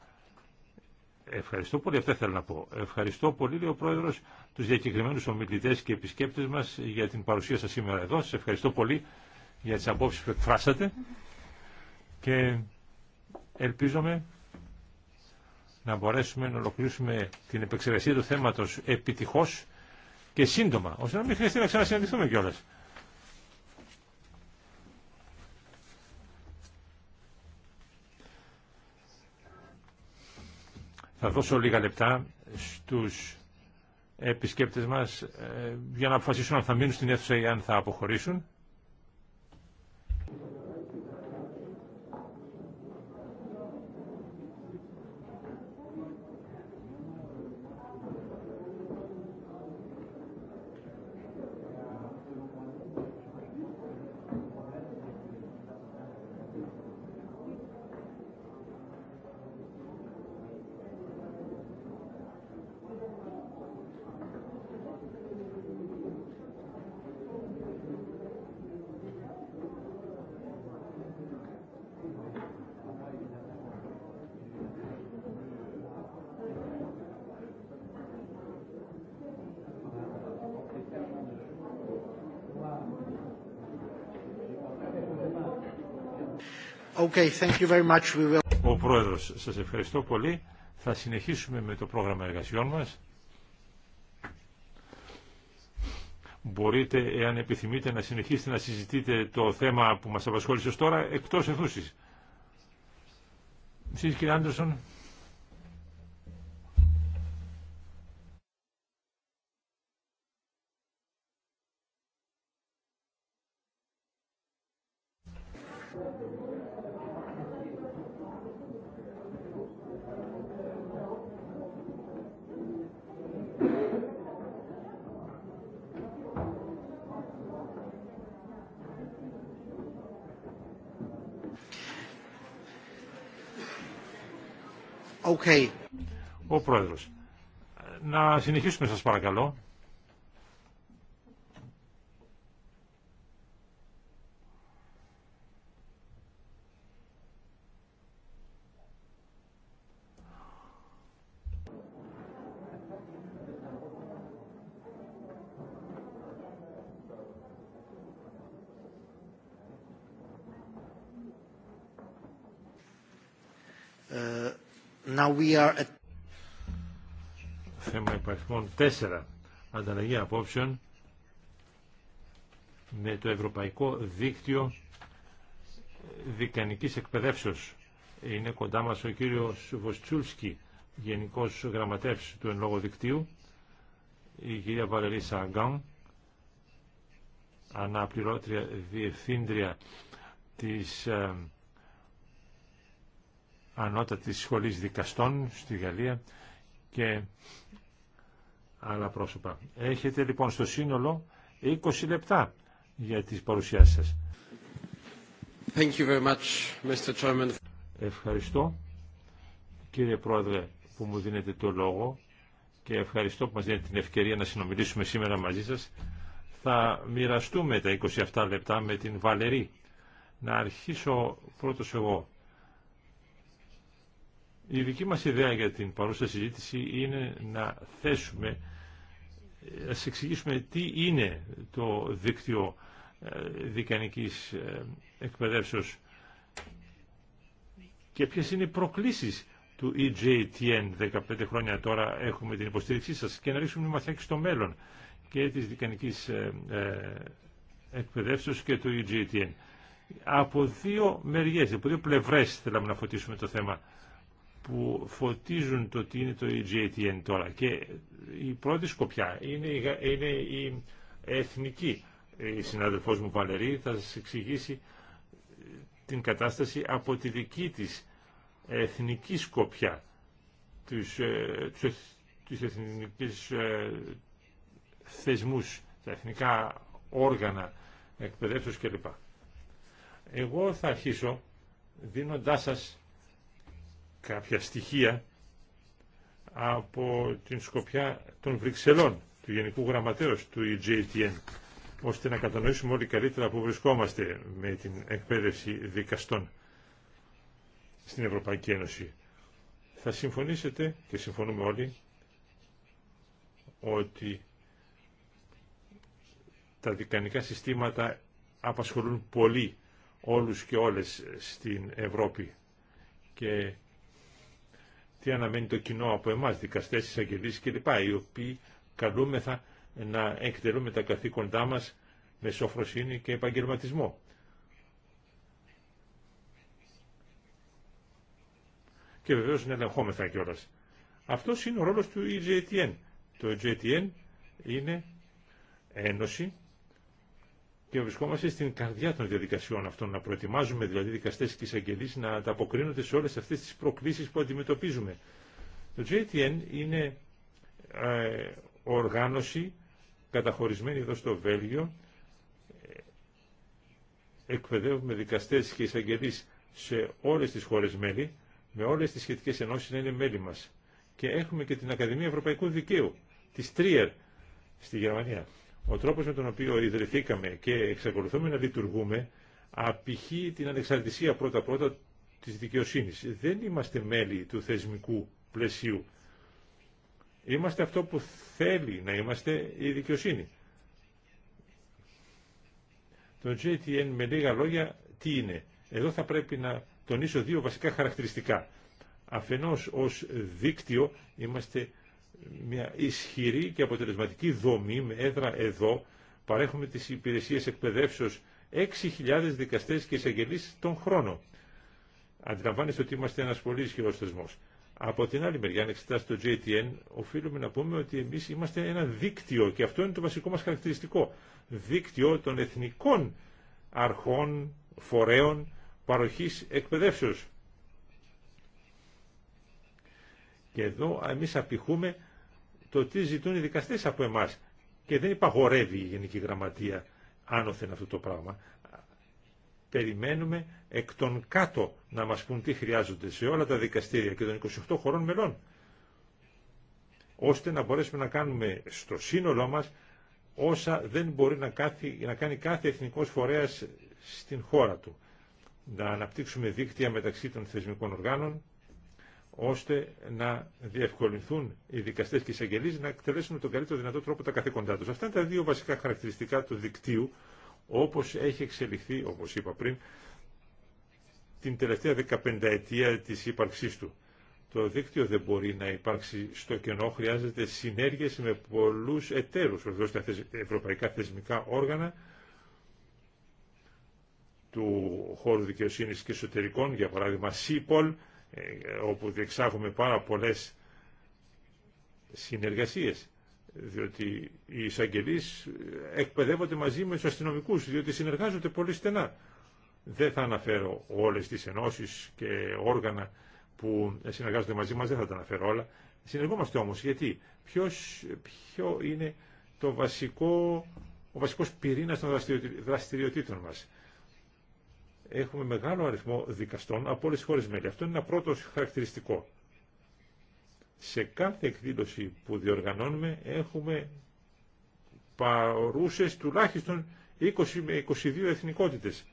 Ευχαριστώ πολύ, αυτό θέλω να πω. Ευχαριστώ πολύ, λέει ο Πρόεδρος, τους διακεκριμένους ομιλητές και επισκέπτες μας για την παρουσία σας σήμερα εδώ. Σας ευχαριστώ πολύ για τις απόψεις που εκφράσατε και ελπίζομαι να μπορέσουμε να ολοκληρώσουμε την επεξεργασία του θέματος επιτυχώς και σύντομα, ώστε να μην χρειαστεί να ξανασυναντηθούμε κιόλας. Θα δώσω λίγα λεπτά στους επισκέπτες μας ε, για να αποφασίσουν αν θα μείνουν στην αίθουσα ή αν θα αποχωρήσουν. Ο Πρόεδρος, σας ευχαριστώ πολύ. Θα συνεχίσουμε με το πρόγραμμα εργασιών μας. Μπορείτε, εάν επιθυμείτε, να συνεχίσετε να συζητείτε το θέμα που μας απασχόλησε τώρα, εκτός ευθούσης. Εσείς, κύριε Άντερσον. Να συνεχίσουμε σας παρακαλώ. Uh, now we are at υπαριθμών 4 ανταλλαγή απόψεων με το Ευρωπαϊκό Δίκτυο Δικανικής Εκπαιδεύσεως. Είναι κοντά μας ο κύριος Βοστσούλσκι, Γενικός Γραμματεύς του Εν Λόγω Δικτύου, η κυρία Βαλερίσα Αγκάμ, αναπληρώτρια διευθύντρια της ε, ανώτατης σχολής δικαστών στη Γαλλία και άλλα πρόσωπα. Έχετε λοιπόν στο σύνολο 20 λεπτά για τις παρουσιάσεις σας. Thank you very much, Mr. Chairman. Ευχαριστώ κύριε Πρόεδρε που μου δίνετε το λόγο και ευχαριστώ που μας δίνετε την ευκαιρία να συνομιλήσουμε σήμερα μαζί σας. Θα μοιραστούμε τα 27 λεπτά με την Βαλερή. Να αρχίσω πρώτος εγώ. Η δική μας ιδέα για την παρούσα συζήτηση είναι να θέσουμε ε, ας εξηγήσουμε τι είναι το δίκτυο ε, δικανικής ε, εκπαιδεύσεως και ποιες είναι οι προκλήσεις του EJTN 15 χρόνια τώρα έχουμε την υποστήριξή σας και να ρίξουμε και στο μέλλον και της δικανικής εκπαιδεύσεως και του EJTN. Από δύο μεριές, από δύο πλευρές θέλαμε να φωτίσουμε το θέμα που φωτίζουν το τι είναι το EGATN τώρα. Και η πρώτη σκοπιά είναι, είναι η εθνική. Η συνάδελφός μου Βαλερή θα σας εξηγήσει ε, την κατάσταση από τη δική της εθνική σκοπιά, τους, ε, τους, τους ε, θεσμούς, τα εθνικά όργανα εκπαιδεύσεως κλπ. Εγώ θα αρχίσω δίνοντάς σας κάποια στοιχεία από την σκοπιά των Βρυξελών, του Γενικού Γραμματέως του EJTN, ώστε να κατανοήσουμε όλοι καλύτερα που βρισκόμαστε με την εκπαίδευση δικαστών στην Ευρωπαϊκή Ένωση. Θα συμφωνήσετε και συμφωνούμε όλοι ότι τα δικανικά συστήματα απασχολούν πολύ όλους και όλες στην Ευρώπη και τι αναμένει το κοινό από εμάς, δικαστές, εισαγγελίε κλπ. Οι οποίοι καλούμεθα να εκτελούμε τα καθήκοντά μα με σοφροσύνη και επαγγελματισμό. Και βεβαίω να ελεγχόμεθα κιόλα. αυτό είναι ο ρόλο του EJTN. Το EJTN είναι ένωση και βρισκόμαστε στην καρδιά των διαδικασιών αυτών, να προετοιμάζουμε δηλαδή δικαστέ και εισαγγελεί να ανταποκρίνονται σε όλε αυτέ τι προκλήσει που αντιμετωπίζουμε. Το JTN είναι ε, οργάνωση καταχωρισμένη εδώ στο Βέλγιο. Ε, εκπαιδεύουμε δικαστέ και εισαγγελεί σε όλε τι χώρε μέλη, με όλε τι σχετικέ ενώσει να είναι μέλη μα. Και έχουμε και την Ακαδημία Ευρωπαϊκού Δικαίου, τη TRIER, στη Γερμανία. Ο τρόπος με τον οποίο ιδρυθήκαμε και εξακολουθούμε να λειτουργούμε απηχεί την ανεξαρτησία πρώτα-πρώτα της δικαιοσύνης. Δεν είμαστε μέλη του θεσμικού πλαισίου. Είμαστε αυτό που θέλει να είμαστε η δικαιοσύνη. Το JTN με λίγα λόγια τι είναι. Εδώ θα πρέπει να τονίσω δύο βασικά χαρακτηριστικά. Αφενός ως δίκτυο είμαστε μια ισχυρή και αποτελεσματική δομή με έδρα εδώ. Παρέχουμε τις υπηρεσίες εκπαιδεύσεως 6.000 δικαστές και εισαγγελείς τον χρόνο. Αντιλαμβάνεστε ότι είμαστε ένας πολύ ισχυρός θεσμός. Από την άλλη μεριά, αν εξετάσει το JTN, οφείλουμε να πούμε ότι εμείς είμαστε ένα δίκτυο και αυτό είναι το βασικό μας χαρακτηριστικό. Δίκτυο των εθνικών αρχών, φορέων, παροχής εκπαιδεύσεως. Και εδώ εμείς απηχούμε το τι ζητούν οι δικαστές από εμάς. Και δεν υπαγορεύει η Γενική Γραμματεία άνωθεν αυτό το πράγμα. Περιμένουμε εκ των κάτω να μας πούν τι χρειάζονται σε όλα τα δικαστήρια και των 28 χωρών μελών, ώστε να μπορέσουμε να κάνουμε στο σύνολό μας όσα δεν μπορεί να, κάθει να κάνει κάθε εθνικός φορέας στην χώρα του. Να αναπτύξουμε δίκτυα μεταξύ των θεσμικών οργάνων, ώστε να διευκολυνθούν οι δικαστέ και οι εισαγγελεί να εκτελέσουν με τον καλύτερο δυνατό τρόπο τα καθήκοντά του. Αυτά είναι τα δύο βασικά χαρακτηριστικά του δικτύου όπω έχει εξελιχθεί, όπω είπα πριν, την τελευταία 15 ετία τη ύπαρξή του. Το δίκτυο δεν μπορεί να υπάρξει στο κενό, χρειάζεται συνέργειε με πολλού εταίρου, βεβαίω τα ευρωπαϊκά θεσμικά όργανα του χώρου δικαιοσύνη και εσωτερικών, για παράδειγμα ΣΥΠΟΛ, ε, όπου διεξάγουμε πάρα πολλές συνεργασίες διότι οι εισαγγελείς ε, εκπαιδεύονται μαζί με τους αστυνομικούς διότι συνεργάζονται πολύ στενά. Δεν θα αναφέρω όλες τις ενώσεις και όργανα που συνεργάζονται μαζί μας, δεν θα τα αναφέρω όλα. Συνεργόμαστε όμως γιατί ποιος, ποιο είναι το βασικό, ο βασικός πυρήνας των δραστηριοτήτων μας έχουμε μεγάλο αριθμό δικαστών από όλες τις χώρες μέλη. Αυτό είναι ένα πρώτο χαρακτηριστικό. Σε κάθε εκδήλωση που διοργανώνουμε έχουμε παρούσες τουλάχιστον 20 με 22 εθνικότητες.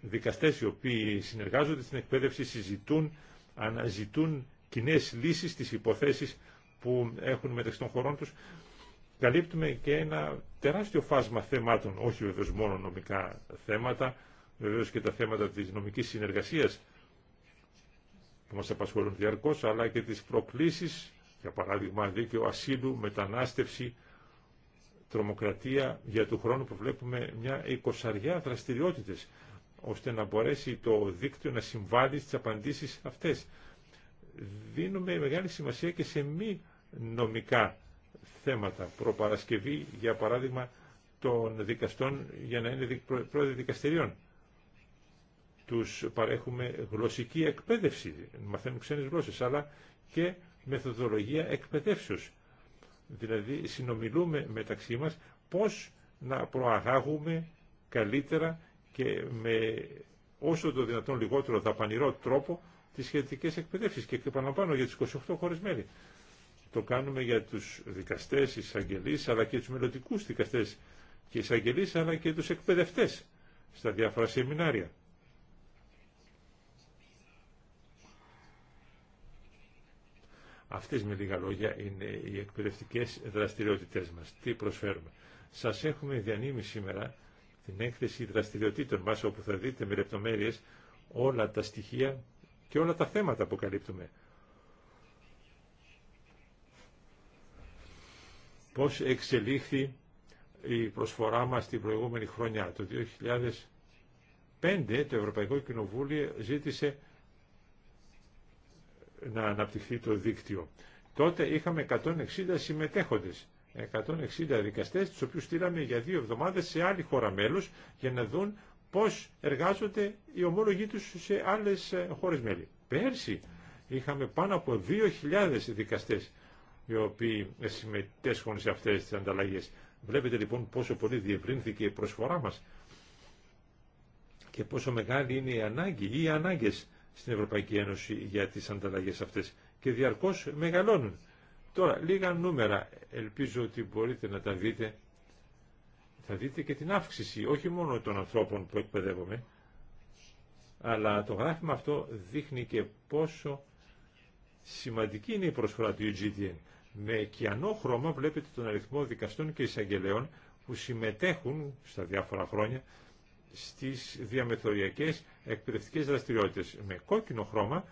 Δικαστές οι οποίοι συνεργάζονται στην εκπαίδευση, συζητούν, αναζητούν κοινέ λύσεις στις υποθέσεις που έχουν μεταξύ των χωρών τους. Καλύπτουμε και ένα τεράστιο φάσμα θεμάτων, όχι βεβαίω μόνο νομικά θέματα, Βεβαίω και τα θέματα της νομικής συνεργασίας που μα απασχολούν διαρκώ, αλλά και τι προκλήσεις, για παράδειγμα δίκαιο ασύλου, μετανάστευση, τρομοκρατία για του χρόνου που βλέπουμε μια εικοσαριά δραστηριότητε, ώστε να μπορέσει το δίκτυο να συμβάλλει στι απαντήσει, αυτές. Δίνουμε μεγάλη σημασία και σε μη νομικά θέματα. Προπαρασκευή, για παράδειγμα, των δικαστών για να είναι πρόεδροι δικαστηριών τους παρέχουμε γλωσσική εκπαίδευση, μαθαίνουν ξένες γλώσσες, αλλά και μεθοδολογία εκπαιδεύσεως. Δηλαδή συνομιλούμε μεταξύ μας πώς να προαγάγουμε καλύτερα και με όσο το δυνατόν λιγότερο δαπανηρό τρόπο τις σχετικές εκπαιδεύσεις και επαναλαμβάνω για τις 28 χώρες Το κάνουμε για τους δικαστές, εισαγγελείς, αλλά και τους μελλοντικού δικαστές και εισαγγελείς, αλλά και τους εκπαιδευτές στα διάφορα σεμινάρια. Αυτές με λίγα λόγια είναι οι εκπαιδευτικές δραστηριότητές μας. Τι προσφέρουμε. Σας έχουμε διανύμει σήμερα την έκθεση δραστηριοτήτων μας όπου θα δείτε με λεπτομέρειες όλα τα στοιχεία και όλα τα θέματα που καλύπτουμε. Πώς εξελίχθη η προσφορά μας την προηγούμενη χρονιά. Το 2005 το Ευρωπαϊκό Κοινοβούλιο ζήτησε να αναπτυχθεί το δίκτυο. Τότε είχαμε 160 συμμετέχοντες, 160 δικαστές, τους οποίους στείλαμε για δύο εβδομάδες σε άλλη χώρα μέλους για να δουν πώς εργάζονται οι ομόλογοι τους σε άλλες ε, χώρες μέλη. Πέρσι είχαμε πάνω από 2.000 δικαστές οι οποίοι συμμετέσχουν σε αυτές τις ανταλλαγές. Βλέπετε λοιπόν πόσο πολύ διευρύνθηκε η προσφορά μας και πόσο μεγάλη είναι η ανάγκη ή οι ανάγκες στην Ευρωπαϊκή Ένωση για τις ανταλλαγές αυτές και διαρκώς μεγαλώνουν. Τώρα, λίγα νούμερα, ελπίζω ότι μπορείτε να τα δείτε. Θα δείτε και την αύξηση, όχι μόνο των ανθρώπων που εκπαιδεύομαι, αλλά το γράφημα αυτό δείχνει και πόσο σημαντική είναι η προσφορά του UGTN. Με κιανό χρώμα βλέπετε τον αριθμό δικαστών και εισαγγελέων που συμμετέχουν στα διάφορα χρόνια στις διαμεθοριακές εκπαιδευτικές δραστηριότητες. Με κόκκινο χρώμα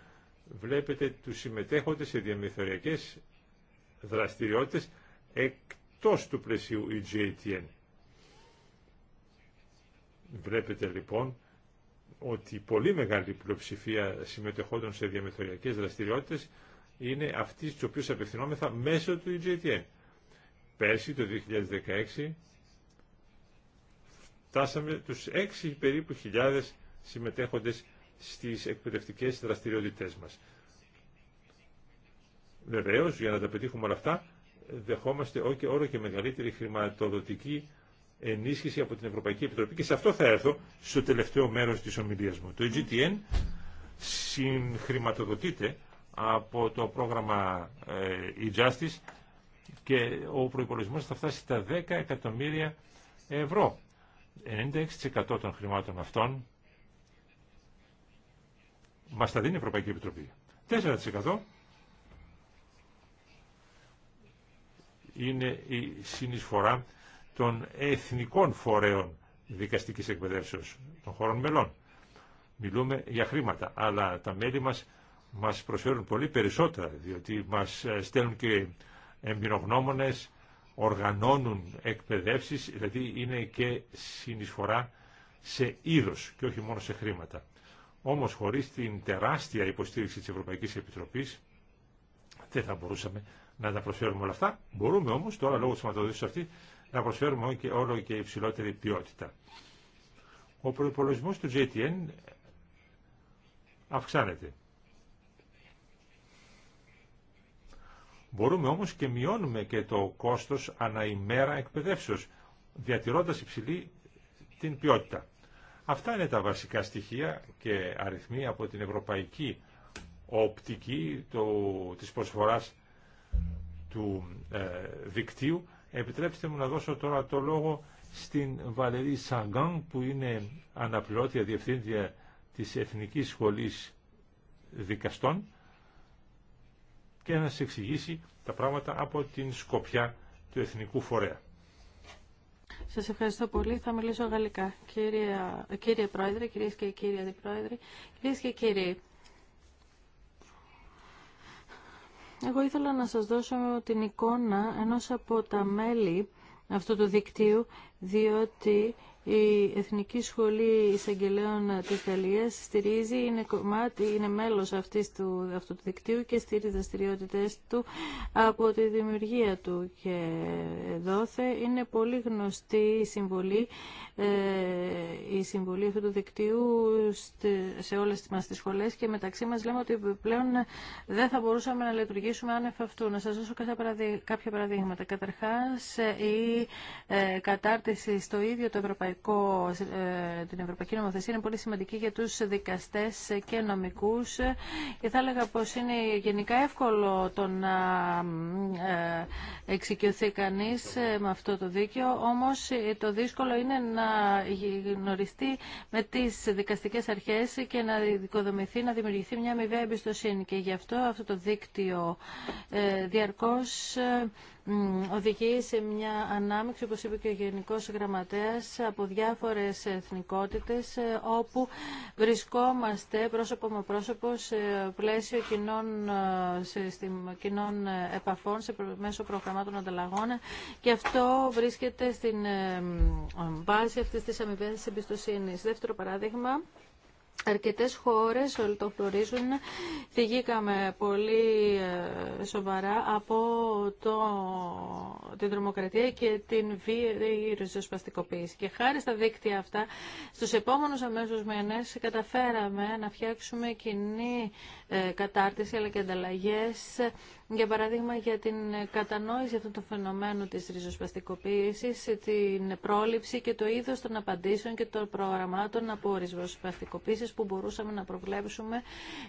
βλέπετε τους συμμετέχοντες σε διαμεθοριακές δραστηριότητες εκτός του πλαισίου EGATN. Βλέπετε λοιπόν ότι πολύ μεγάλη πλειοψηφία συμμετεχόντων σε διαμεθοριακές δραστηριότητες είναι αυτή στις οποίες απευθυνόμεθα μέσω του EJTN. Πέρσι το 2016 φτάσαμε τους 6 περίπου χιλιάδες συμμετέχοντες στις εκπαιδευτικές δραστηριότητές μας. Βεβαίω, για να τα πετύχουμε όλα αυτά, δεχόμαστε όλο και μεγαλύτερη χρηματοδοτική ενίσχυση από την Ευρωπαϊκή Επιτροπή και σε αυτό θα έρθω στο τελευταίο μέρος της ομιλίας μου. Το EGTN συγχρηματοδοτείται από το πρόγραμμα ε, e-Justice και ο προϋπολογισμός θα φτάσει στα 10 εκατομμύρια ευρώ. 96% των χρημάτων αυτών Μα τα δίνει η Ευρωπαϊκή Επιτροπή. 4% είναι η συνεισφορά των εθνικών φορέων δικαστική εκπαιδεύσεω των χωρών μελών. Μιλούμε για χρήματα, αλλά τα μέλη μας μα προσφέρουν πολύ περισσότερα, διότι μας στέλνουν και εμπειρογνώμονε, οργανώνουν εκπαιδεύσει δηλαδή είναι και συνεισφορά σε είδο και όχι μόνο σε χρήματα. Όμως χωρίς την τεράστια υποστήριξη της Ευρωπαϊκής Επιτροπής δεν θα μπορούσαμε να τα προσφέρουμε όλα αυτά. Μπορούμε όμως τώρα λόγω της σηματοδότησης αυτή να προσφέρουμε και όλο και υψηλότερη ποιότητα. Ο προπολογισμό του JTN αυξάνεται. Μπορούμε όμως και μειώνουμε και το κόστος ανά ημέρα εκπαιδεύσεως, διατηρώντας υψηλή την ποιότητα. Αυτά είναι τα βασικά στοιχεία και αριθμοί από την ευρωπαϊκή οπτική το, της προσφοράς του ε, δικτύου. Επιτρέψτε μου να δώσω τώρα το λόγο στην Βαλερή Σαγκάν που είναι αναπληρώτια διευθύντρια της Εθνικής Σχολής Δικαστών και να σας εξηγήσει τα πράγματα από την σκοπιά του Εθνικού Φορέα. Σα ευχαριστώ πολύ. Θα μιλήσω γαλλικά. Κύριε, κύριε Πρόεδρε, κυρίε και κύριοι Αντιπρόεδροι, Κυρίε και κύριοι, εγώ ήθελα να σας δώσω την εικόνα ενό από τα μέλη αυτού του δικτύου, διότι η Εθνική Σχολή Εισαγγελέων της Γαλλίας στηρίζει, είναι, κομμάτι, είναι μέλος αυτής του, αυτού του δικτύου και στηρίζει δραστηριότητε του από τη δημιουργία του. Και δόθε είναι πολύ γνωστή η συμβολή, ε, η συμβολή αυτού του δικτύου σε όλες μας τις σχολές και μεταξύ μας λέμε ότι πλέον δεν θα μπορούσαμε να λειτουργήσουμε αν αυτού. Να σας δώσω κάποια παραδείγματα. Καταρχάς, η ε, κατάρτιση στο ίδιο το Ευρωπαϊκό ευρωπαϊκό, ε, την ευρωπαϊκή νομοθεσία είναι πολύ σημαντική για τους δικαστές και νομικούς και θα έλεγα πως είναι γενικά εύκολο το να ε, εξοικειωθεί κανείς ε, με αυτό το δίκαιο, όμως το δύσκολο είναι να γνωριστεί με τις δικαστικές αρχές και να δικοδομηθεί, να δημιουργηθεί μια αμοιβαία εμπιστοσύνη και γι' αυτό αυτό το δίκτυο διαρκώς οδηγεί σε μια ανάμειξη, όπως είπε και ο Γενικός Γραμματέας, από διάφορες εθνικότητες, ε, όπου βρισκόμαστε πρόσωπο με πρόσωπο σε πλαίσιο κοινών, ε, σε, κοινών ε, επαφών, σε, μέσω προγραμμάτων ανταλλαγών και αυτό βρίσκεται στην βάση αυτής της αμοιβαίας εμπιστοσύνης. Δεύτερο παράδειγμα, Αρκετές χώρες, όλοι το γνωρίζουν, θυγήκαμε πολύ ε, σοβαρά από το, την τρομοκρατία και την βίαιη ριζοσπαστικοποίηση. Και χάρη στα δίκτυα αυτά, στους επόμενους αμέσως μήνες καταφέραμε να φτιάξουμε κοινή ε, κατάρτιση αλλά και ανταλλαγές για παράδειγμα για την κατανόηση αυτού του φαινομένου της ριζοσπαστικοποίησης, την πρόληψη και το είδος των απαντήσεων και των προγραμμάτων από ριζοσπαστικοποίησης που μπορούσαμε να προβλέψουμε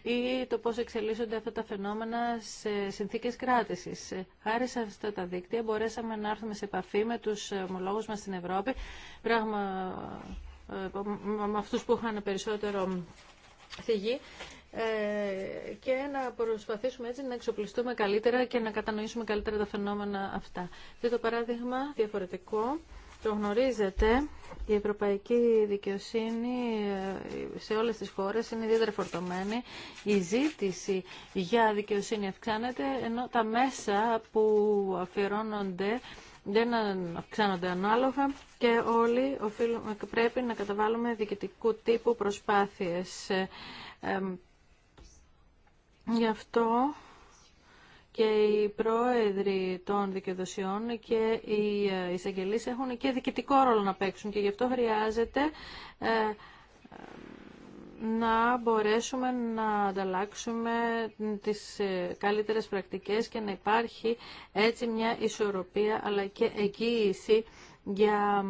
ή το πώς εξελίσσονται αυτά τα φαινόμενα σε συνθήκες κράτησης. Χάρη σε αυτά τα δίκτυα μπορέσαμε να έρθουμε σε επαφή με τους ομολόγους μας στην Ευρώπη, πράγμα ε, με αυτούς που είχαν περισσότερο θυγή ε, και να προσπαθήσουμε έτσι να εξοπλιστούμε καλύτερα και να κατανοήσουμε καλύτερα τα φαινόμενα αυτά. το παράδειγμα, διαφορετικό. Το γνωρίζετε, η ευρωπαϊκή δικαιοσύνη ε, σε όλες τις χώρες είναι ιδιαίτερα φορτωμένη. Η ζήτηση για δικαιοσύνη αυξάνεται, ενώ τα μέσα που αφιερώνονται δεν αυξάνονται ανάλογα και όλοι πρέπει να καταβάλουμε διοικητικού τύπου προσπάθειες. Ε, Γι' αυτό και οι πρόεδροι των δικαιοδοσιών και ε, οι εισαγγελείς έχουν και διοικητικό ρόλο να παίξουν και γι' αυτό χρειάζεται ε, να μπορέσουμε να ανταλλάξουμε τις ε, καλύτερες πρακτικές και να υπάρχει έτσι μια ισορροπία αλλά και εγγύηση για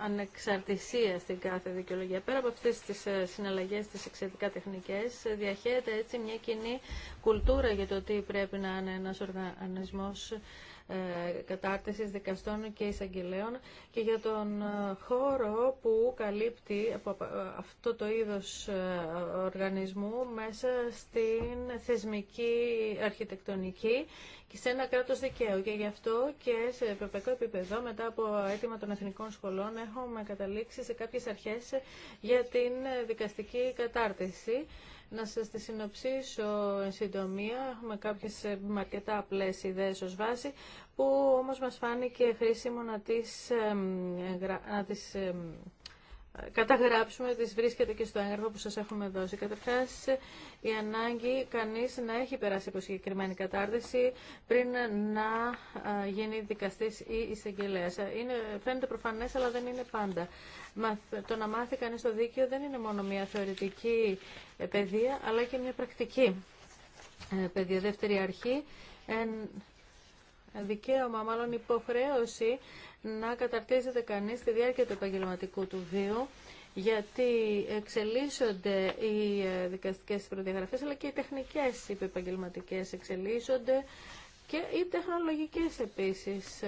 ανεξαρτησία στην κάθε δικαιολογία. Πέρα από αυτές τις ε, συναλλαγές τις εξαιρετικά τεχνικές, ε, διαχέεται έτσι μια κοινή κουλτούρα για το τι πρέπει να είναι ένας οργανισμός ε, κατάρτισης δικαστών και εισαγγελέων και για τον ε, χώρο που καλύπτει από ε, αυτό το είδος οργανισμού μέσα στην θεσμική αρχιτεκτονική και σε ένα κράτος δικαίου. Και γι' αυτό και σε ευρωπαϊκό επίπεδο, μετά από αίτημα των εθνικών σχολών, έχουμε καταλήξει σε κάποιες αρχές για την δικαστική κατάρτιση. Να σας τη συνοψίσω εν συντομία. Έχουμε κάποιες ε, αρκετά απλές ιδέες ως βάση, που όμως μας φάνηκε χρήσιμο να τις, να καταγράψουμε, τις βρίσκεται και στο έγγραφο που σας έχουμε δώσει. Καταρχάς, η ανάγκη κανείς να έχει περάσει από συγκεκριμένη κατάρτιση πριν να γίνει δικαστής ή εισαγγελέας. Είναι, φαίνεται προφανές, αλλά δεν είναι πάντα. Το να μάθει κανείς το δίκαιο δεν είναι μόνο μια θεωρητική ε, παιδεία, αλλά και μια πρακτική ε, παιδεία. Δεύτερη αρχή, δικαίωμα, μάλλον υποχρέωση να καταρτίζεται κανείς στη διάρκεια του επαγγελματικού του βίου γιατί εξελίσσονται οι ε, δικαστικές προδιαγραφές αλλά και οι τεχνικές επαγγελματικές εξελίσσονται και οι τεχνολογικές επίσης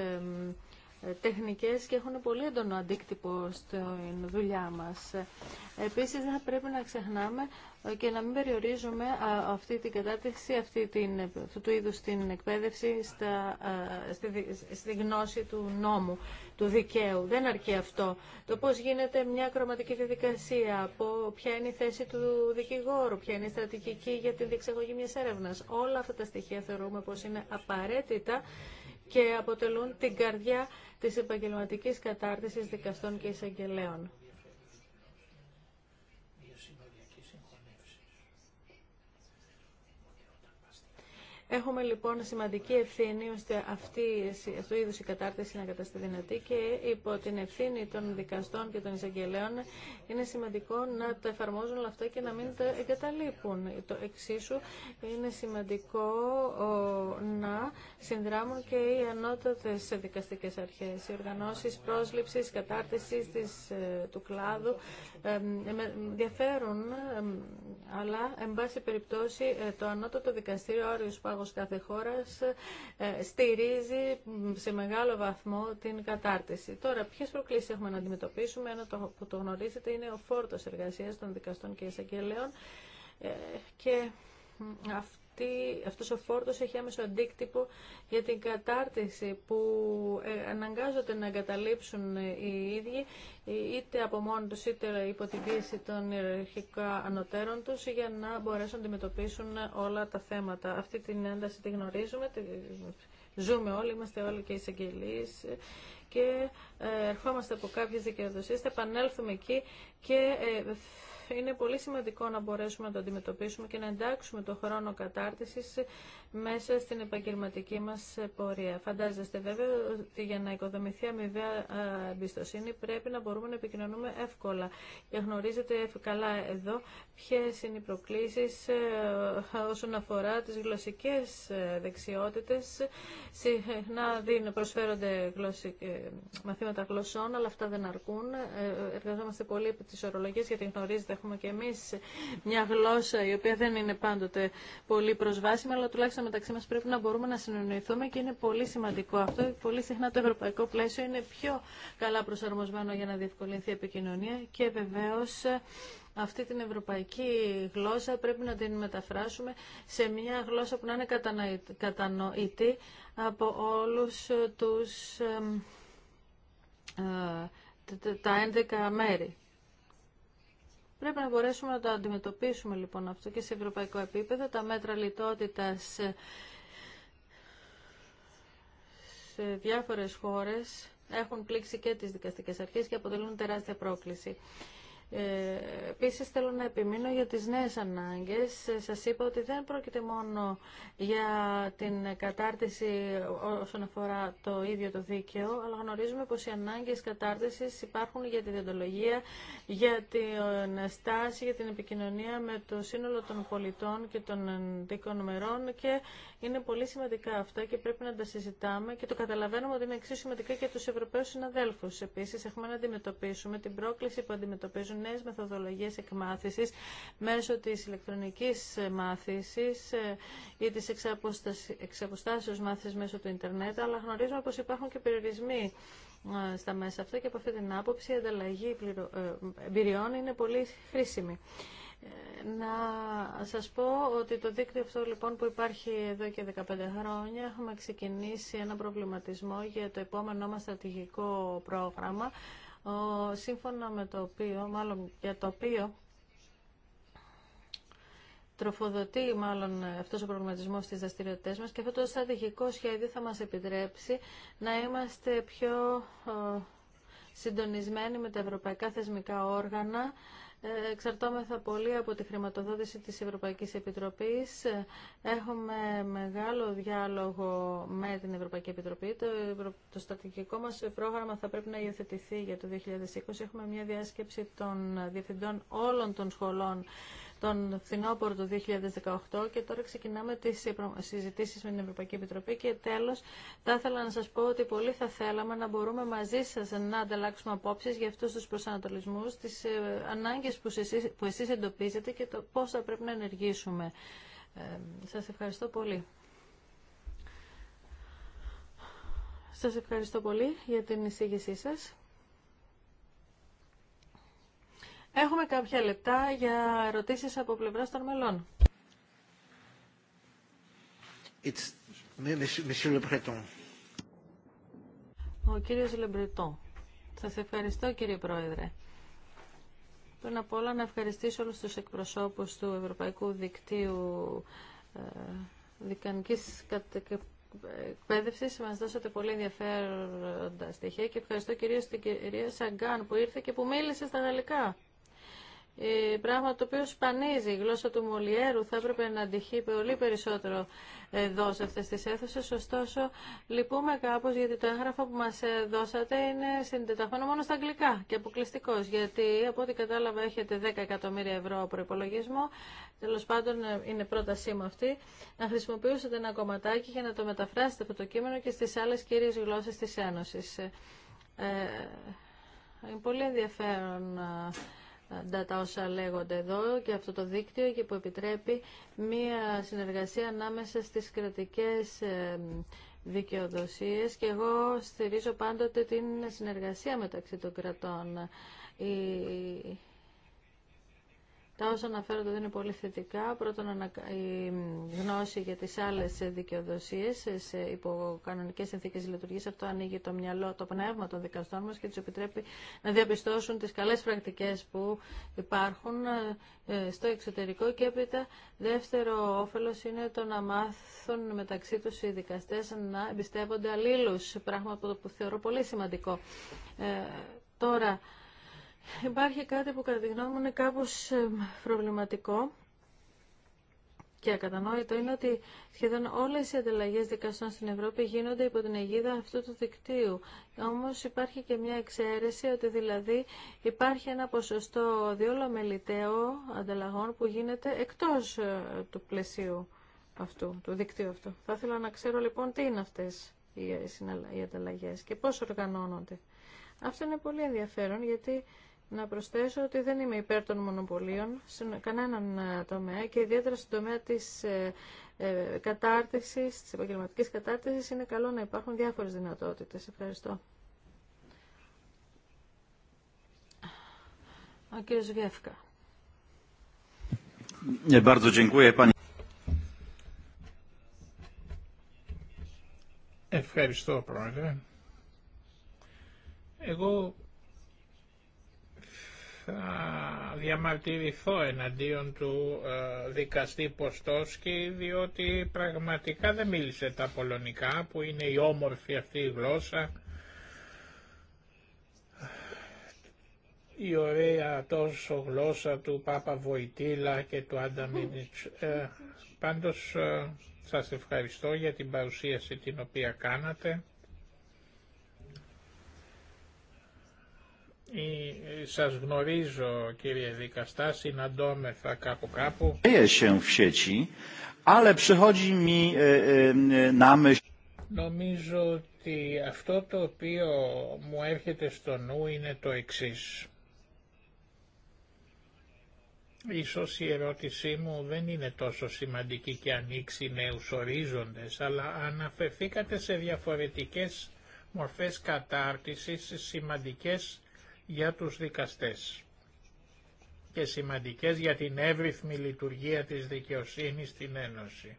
τεχνικές και έχουν πολύ έντονο αντίκτυπο στην δουλειά μας. Επίσης δεν θα πρέπει να ξεχνάμε ε, και να μην περιορίζουμε αυτή την κατάρτιση, αυτή την, αυτού του είδους την εκπαίδευση στα, στη, γνώση του νόμου, του δικαίου. Δεν αρκεί αυτό. Το πώς γίνεται μια κροματική διαδικασία, ποια είναι η θέση του δικηγόρου, ποια είναι η στρατηγική για την διεξαγωγή μιας έρευνας. Όλα αυτά τα στοιχεία θεωρούμε πως είναι απαραίτητα και αποτελούν την καρδιά της επαγγελματικής κατάρτισης δικαστών και εισαγγελέων. Έχουμε λοιπόν σημαντική ευθύνη ώστε αυτή, η είδου η κατάρτιση να καταστεί δυνατή και υπό την ευθύνη των δικαστών και των εισαγγελέων είναι σημαντικό να τα εφαρμόζουν όλα αυτά και να μην τα εγκαταλείπουν. Το εξίσου είναι σημαντικό να συνδράμουν και οι ανώτατες δικαστικές αρχές, οι οργανώσεις πρόσληψης, κατάρτιση ε, του κλάδου ε, διαφέρουν, ε, αλλά εν πάση περιπτώσει το ανώτατο δικαστήριο όριο λόγος κάθε χώρας ε, στηρίζει σε μεγάλο βαθμό την κατάρτιση. Τώρα, ποιες προκλήσεις έχουμε να αντιμετωπίσουμε, ένα που το γνωρίζετε είναι ο φόρτος εργασίας των δικαστών και εισαγγελέων ε, και αυτή, αυτός ο φόρτος έχει άμεσο αντίκτυπο για την κατάρτιση που ε, αναγκάζονται να εγκαταλείψουν οι ίδιοι είτε από μόνο τους είτε υπό την πίεση των ιεραρχικά ανωτέρων τους για να μπορέσουν να αντιμετωπίσουν όλα τα θέματα. Αυτή την ένταση τη γνωρίζουμε, τη ζούμε όλοι, είμαστε όλοι και εισαγγελείς και ε, ερχόμαστε από κάποιες δικαιοδοσίες, θα επανέλθουμε εκεί και ε, είναι πολύ σημαντικό να μπορέσουμε να το αντιμετωπίσουμε και να εντάξουμε το χρόνο κατάρτισης μέσα στην επαγγελματική μας πορεία. Φαντάζεστε βέβαια ότι για να οικοδομηθεί αμοιβαία εμπιστοσύνη πρέπει να μπορούμε να επικοινωνούμε εύκολα. Και γνωρίζετε καλά εδώ ποιες είναι οι προκλήσεις ε, όσον αφορά τις γλωσσικές ε, δεξιότητες. Συχνά προσφέρονται ε, μαθήματα γλωσσών, αλλά αυτά δεν αρκούν. Εργαζόμαστε πολύ επί τις ορολογίες, γιατί γνωρίζετε έχουμε και εμείς μια γλώσσα η οποία δεν είναι πάντοτε πολύ προσβάσιμη, αλλά τουλάχιστον τουλάχιστον μεταξύ μα πρέπει να μπορούμε να συνεννοηθούμε και είναι πολύ σημαντικό αυτό. Πολύ συχνά το ευρωπαϊκό πλαίσιο είναι πιο καλά προσαρμοσμένο για να διευκολυνθεί η επικοινωνία και βεβαίω ε, αυτή την ευρωπαϊκή γλώσσα πρέπει να την μεταφράσουμε σε μια γλώσσα που να είναι κατανοητή από όλους τους ε, ε, τα 11 μέρη. Πρέπει να μπορέσουμε να το αντιμετωπίσουμε λοιπόν αυτό και σε ευρωπαϊκό επίπεδο. Τα μέτρα λιτότητας σε διάφορες χώρες έχουν πλήξει και τις δικαστικές αρχές και αποτελούν τεράστια πρόκληση. Ε, Επίση θέλω να επιμείνω για τις νέες ανάγκες. Σας είπα ότι δεν πρόκειται μόνο για την κατάρτιση όσον αφορά το ίδιο το δίκαιο, αλλά γνωρίζουμε πως οι ανάγκες κατάρτισης υπάρχουν για τη διοντολογία, για την στάση, για την επικοινωνία με το σύνολο των πολιτών και των δίκων μερών και είναι πολύ σημαντικά αυτά και πρέπει να τα συζητάμε και το καταλαβαίνουμε ότι είναι εξίσου σημαντικά και τους Ευρωπαίους συναδέλφους. Επίσης, έχουμε να αντιμετωπίσουμε την πρόκληση που αντιμετωπίζουν νέες μεθοδολογίες εκμάθησης μέσω της ηλεκτρονικής μάθησης ε, ή της εξαποστάσεως μάθησης μέσω του ίντερνετ, αλλά γνωρίζουμε πως υπάρχουν και περιορισμοί ε, στα μέσα αυτά και από αυτή την άποψη η ανταλλαγή ε, εμπειριών είναι πολύ χρήσιμη. Να σας πω ότι το δίκτυο αυτό λοιπόν που υπάρχει εδώ και 15 χρόνια έχουμε ξεκινήσει ένα προβληματισμό για το επόμενό μας στρατηγικό πρόγραμμα σύμφωνα με το οποίο, μάλλον για το οποίο τροφοδοτεί μάλλον αυτός ο προγραμματισμός στις δραστηριότητε μας και αυτό το στρατηγικό σχέδιο θα μας επιτρέψει να είμαστε πιο ε, συντονισμένοι με τα ευρωπαϊκά θεσμικά όργανα εξαρτώμεθα πολύ από τη χρηματοδότηση της Ευρωπαϊκής Επιτροπής. Έχουμε μεγάλο διάλογο με την Ευρωπαϊκή Επιτροπή. Το, το στρατηγικό μας πρόγραμμα θα πρέπει να υιοθετηθεί για το 2020. Έχουμε μια διάσκεψη των διευθυντών όλων των σχολών τον φθινόπωρο του 2018 και τώρα ξεκινάμε τις συζητήσεις με την Ευρωπαϊκή Επιτροπή και τέλος θα ήθελα να σας πω ότι πολύ θα θέλαμε να μπορούμε μαζί σας να ανταλλάξουμε απόψεις για αυτούς τους προσανατολισμούς, τις ε, ανάγκες που εσείς, που εσείς εντοπίζετε και το πώς θα πρέπει να ενεργήσουμε. Ε, σας ευχαριστώ πολύ. Σας ευχαριστώ πολύ για την εισήγησή σας. Έχουμε κάποια λεπτά για ερωτήσεις από πλευράς των μελών. Ο κύριος Λεμπρετό. Σας ευχαριστώ κύριε Πρόεδρε. Πριν απ' όλα να ευχαριστήσω όλους τους εκπροσώπους του Ευρωπαϊκού Δικτύου ε, Δικανικής εκπαίδευση μα δώσατε πολύ ενδιαφέροντα στοιχεία και ευχαριστώ κυρίω την κυρία Σαγκάν που ήρθε και που μίλησε στα γαλλικά. Ε, πράγμα το οποίο σπανίζει. Η γλώσσα του Μολιέρου θα έπρεπε να αντυχεί πολύ περισσότερο εδώ σε αυτέ τι αίθουσε. Ωστόσο, λυπούμε κάπω γιατί το έγγραφο που μα δώσατε είναι συντεταγμένο μόνο στα αγγλικά και αποκλειστικό. γιατί από ό,τι κατάλαβα έχετε 10 εκατομμύρια ευρώ προπολογισμό. τέλο πάντων είναι πρότασή μου αυτή να χρησιμοποιήσετε ένα κομματάκι για να το μεταφράσετε από το κείμενο και στι άλλε κύριε γλώσσε τη Ένωση. Ε, ε, είναι πολύ ενδιαφέρον ε, τα όσα λέγονται εδώ και αυτό το δίκτυο και που επιτρέπει μία συνεργασία ανάμεσα στις κρατικές ε, δικαιοδοσίες και εγώ στηρίζω πάντοτε την συνεργασία μεταξύ των κρατών. Η τα όσα αναφέρονται δεν είναι πολύ θετικά. Πρώτον, η γνώση για τις άλλες δικαιοδοσίες σε υποκανονικές συνθήκες λειτουργίας. Αυτό ανοίγει το μυαλό, το πνεύμα των δικαστών μας και τους επιτρέπει να διαπιστώσουν τις καλές πρακτικές που υπάρχουν ε, στο εξωτερικό και έπειτα δεύτερο όφελος είναι το να μάθουν μεταξύ τους οι δικαστές να εμπιστεύονται αλλήλους, πράγμα που θεωρώ πολύ σημαντικό. Ε, τώρα, Υπάρχει κάτι που κατά τη γνώμη μου είναι κάπως ε, προβληματικό και ακατανόητο είναι ότι σχεδόν όλες οι ανταλλαγές δικαστών στην Ευρώπη γίνονται υπό την αιγίδα αυτού του δικτύου. Όμως υπάρχει και μια εξαίρεση ότι δηλαδή υπάρχει ένα ποσοστό διόλο μελιτέο ανταλλαγών που γίνεται εκτός ε, του πλαισίου αυτού, του δικτύου αυτού. Θα ήθελα να ξέρω λοιπόν τι είναι αυτές οι ε, ανταλλαγές και πώς οργανώνονται. Αυτό είναι πολύ ενδιαφέρον γιατί να προσθέσω ότι δεν είμαι υπέρ των μονοπωλίων σε κανέναν ε, τομέα και ιδιαίτερα στον τομέα της ε, ε, κατάρτισης, της επαγγελματικής κατάρτισης είναι καλό να υπάρχουν διάφορες δυνατότητες. Ευχαριστώ. Ο κύριος ναι, Ευχαριστώ, Πρόεδρε. Εγώ θα διαμαρτυρηθώ εναντίον του ε, δικαστή Ποστόσκη διότι πραγματικά δεν μίλησε τα πολωνικά που είναι η όμορφη αυτή η γλώσσα η ωραία τόσο γλώσσα του Πάπα Βοητήλα και του Άντα Μίνιτς. Ε, πάντως ε, σας ευχαριστώ για την παρουσίαση την οποία κάνατε. Ε, σας γνωρίζω κύριε δικαστά, συναντώμεθα κάπου κάπου. E, e, Νομίζω ότι αυτό το οποίο μου έρχεται στο νου είναι το εξής. Ίσως η ερώτησή μου δεν είναι τόσο σημαντική και ανοίξει νέους ορίζοντες, αλλά αναφερθήκατε σε διαφορετικές μορφές κατάρτισης, σημαντικές για τους δικαστές και σημαντικές για την εύρυθμη λειτουργία της δικαιοσύνης στην Ένωση.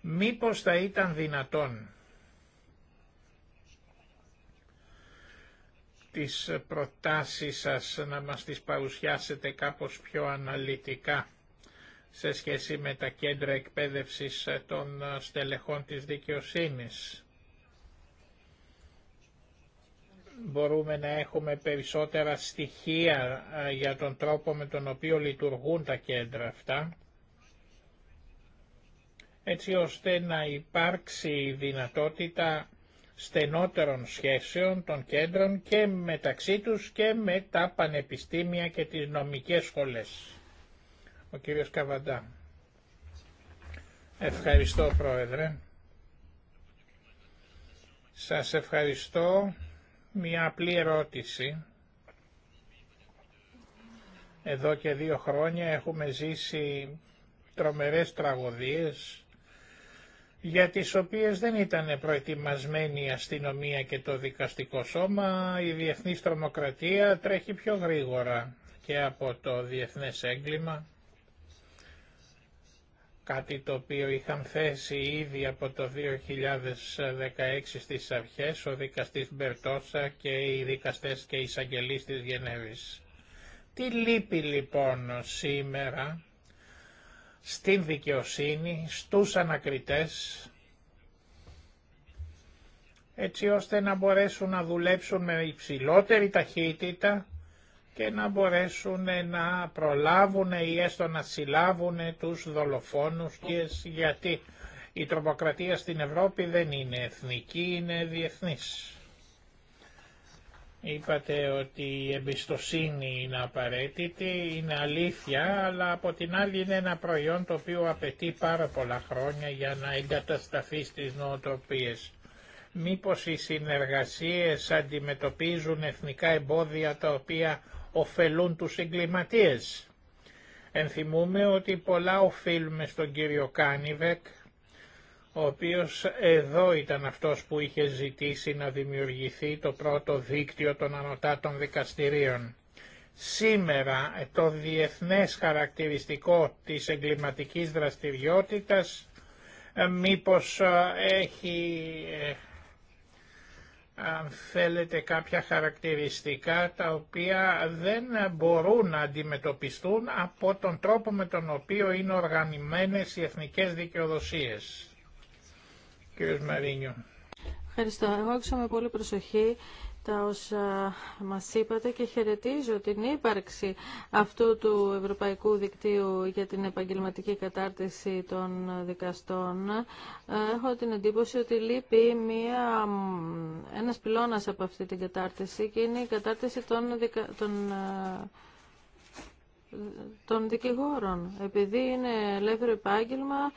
Μήπως θα ήταν δυνατόν τις προτάσεις σας να μας τις παρουσιάσετε κάπως πιο αναλυτικά σε σχέση με τα κέντρα εκπαίδευσης των στελεχών της δικαιοσύνης. μπορούμε να έχουμε περισσότερα στοιχεία ε, για τον τρόπο με τον οποίο λειτουργούν τα κέντρα αυτά, έτσι ώστε να υπάρξει η δυνατότητα στενότερων σχέσεων των κέντρων και μεταξύ τους και με τα πανεπιστήμια και τις νομικές σχολές. Ο κύριος Καβαντά. Ευχαριστώ Πρόεδρε. Σας ευχαριστώ μια απλή ερώτηση. Εδώ και δύο χρόνια έχουμε ζήσει τρομερές τραγωδίες για τις οποίες δεν ήταν προετοιμασμένη η αστυνομία και το δικαστικό σώμα, η διεθνής τρομοκρατία τρέχει πιο γρήγορα και από το διεθνές έγκλημα κάτι το οποίο είχαν θέσει ήδη από το 2016 στις αρχές ο δικαστής Μπερτόσα και οι δικαστές και οι εισαγγελείς της Γενέβης. Τι λείπει λοιπόν σήμερα στην δικαιοσύνη, στους ανακριτές, έτσι ώστε να μπορέσουν να δουλέψουν με υψηλότερη ταχύτητα και να μπορέσουν να προλάβουν ή έστω να συλλάβουν τους δολοφόνους και γιατί η τρομοκρατία στην Ευρώπη δεν είναι εθνική, είναι διεθνής. Είπατε ότι η εμπιστοσύνη είναι απαραίτητη, είναι αλήθεια, αλλά από την άλλη είναι ένα προϊόν το οποίο απαιτεί πάρα πολλά χρόνια για να εγκατασταθεί στις νοοτροπίες. Μήπως οι συνεργασίες αντιμετωπίζουν εθνικά εμπόδια τα οποία Οφελούν τους εγκληματίες. Ενθυμούμε ότι πολλά οφείλουμε στον κύριο Κάνιβεκ, ο οποίος εδώ ήταν αυτός που είχε ζητήσει να δημιουργηθεί το πρώτο δίκτυο των ανωτάτων δικαστηρίων. Σήμερα ε, το διεθνές χαρακτηριστικό της εγκληματικής δραστηριότητας ε, μήπως ε, έχει αν θέλετε κάποια χαρακτηριστικά τα οποία δεν μπορούν να αντιμετωπιστούν από τον τρόπο με τον οποίο είναι οργανημένες οι εθνικές δικαιοδοσίες. Κύριος Μαρίνιο. Ευχαριστώ. Εγώ άκουσα με πολύ προσοχή τα όσα μας είπατε και χαιρετίζω την ύπαρξη αυτού του Ευρωπαϊκού Δικτύου για την επαγγελματική κατάρτιση των δικαστών. Έχω την εντύπωση ότι λείπει μία, ένας πυλώνας από αυτή την κατάρτιση και είναι η κατάρτιση των, των ε, των δικηγόρων. Επειδή είναι ελεύθερο επάγγελμα,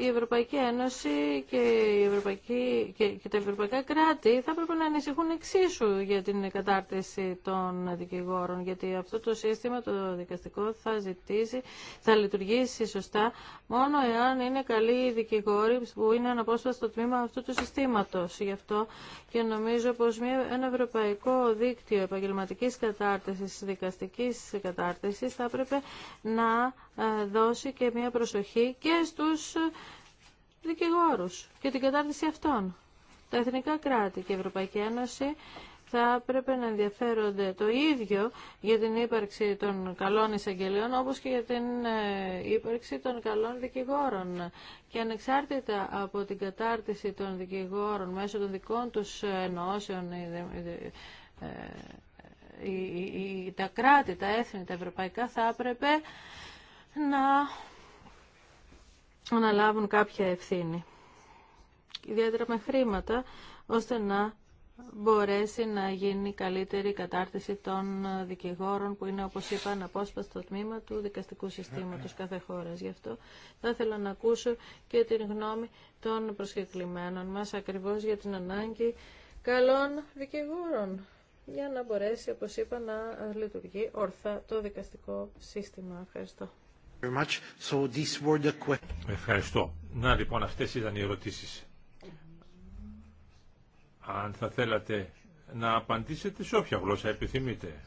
η Ευρωπαϊκή Ένωση και, η Ευρωπαϊκή, και, και τα ευρωπαϊκά κράτη θα έπρεπε να ανησυχούν εξίσου για την κατάρτιση των δικηγόρων, γιατί αυτό το σύστημα το δικαστικό θα ζητήσει, θα λειτουργήσει σωστά μόνο εάν είναι καλοί οι δικηγόροι που είναι αναπόσπαστο τμήμα αυτού του συστήματος. Γι' αυτό και νομίζω πως μια, ένα ευρωπαϊκό δίκτυο επαγγελματικής κατάρτισης, δικαστικής κατάρτισης θα έπρεπε να δώσει και μια προσοχή και στους δικηγόρους και την κατάρτιση αυτών. Τα εθνικά κράτη και η Ευρωπαϊκή Ένωση θα πρέπει να ενδιαφέρονται το ίδιο για την ύπαρξη των καλών εισαγγελίων όπως και για την ε, ύπαρξη των καλών δικηγόρων. Και ανεξάρτητα από την κατάρτιση των δικηγόρων μέσω των δικών τους ενώσεων ε, ε, τα κράτη, τα έθνη, τα ευρωπαϊκά θα έπρεπε να αναλάβουν κάποια ευθύνη. Ιδιαίτερα με χρήματα, ώστε να μπορέσει να γίνει καλύτερη κατάρτιση των δικηγόρων που είναι όπως είπα αναπόσπαστο τμήμα του δικαστικού συστήματος κάθε χώρας. Γι' αυτό θα ήθελα να ακούσω και την γνώμη των προσκεκλημένων μας ακριβώς για την ανάγκη καλών δικηγόρων για να μπορέσει όπως είπα να λειτουργεί ορθά το δικαστικό σύστημα. Ευχαριστώ. Ευχαριστώ. Να λοιπόν αυτές ήταν οι ερωτήσεις. Αν θα θέλατε να απαντήσετε σε όποια γλώσσα επιθυμείτε.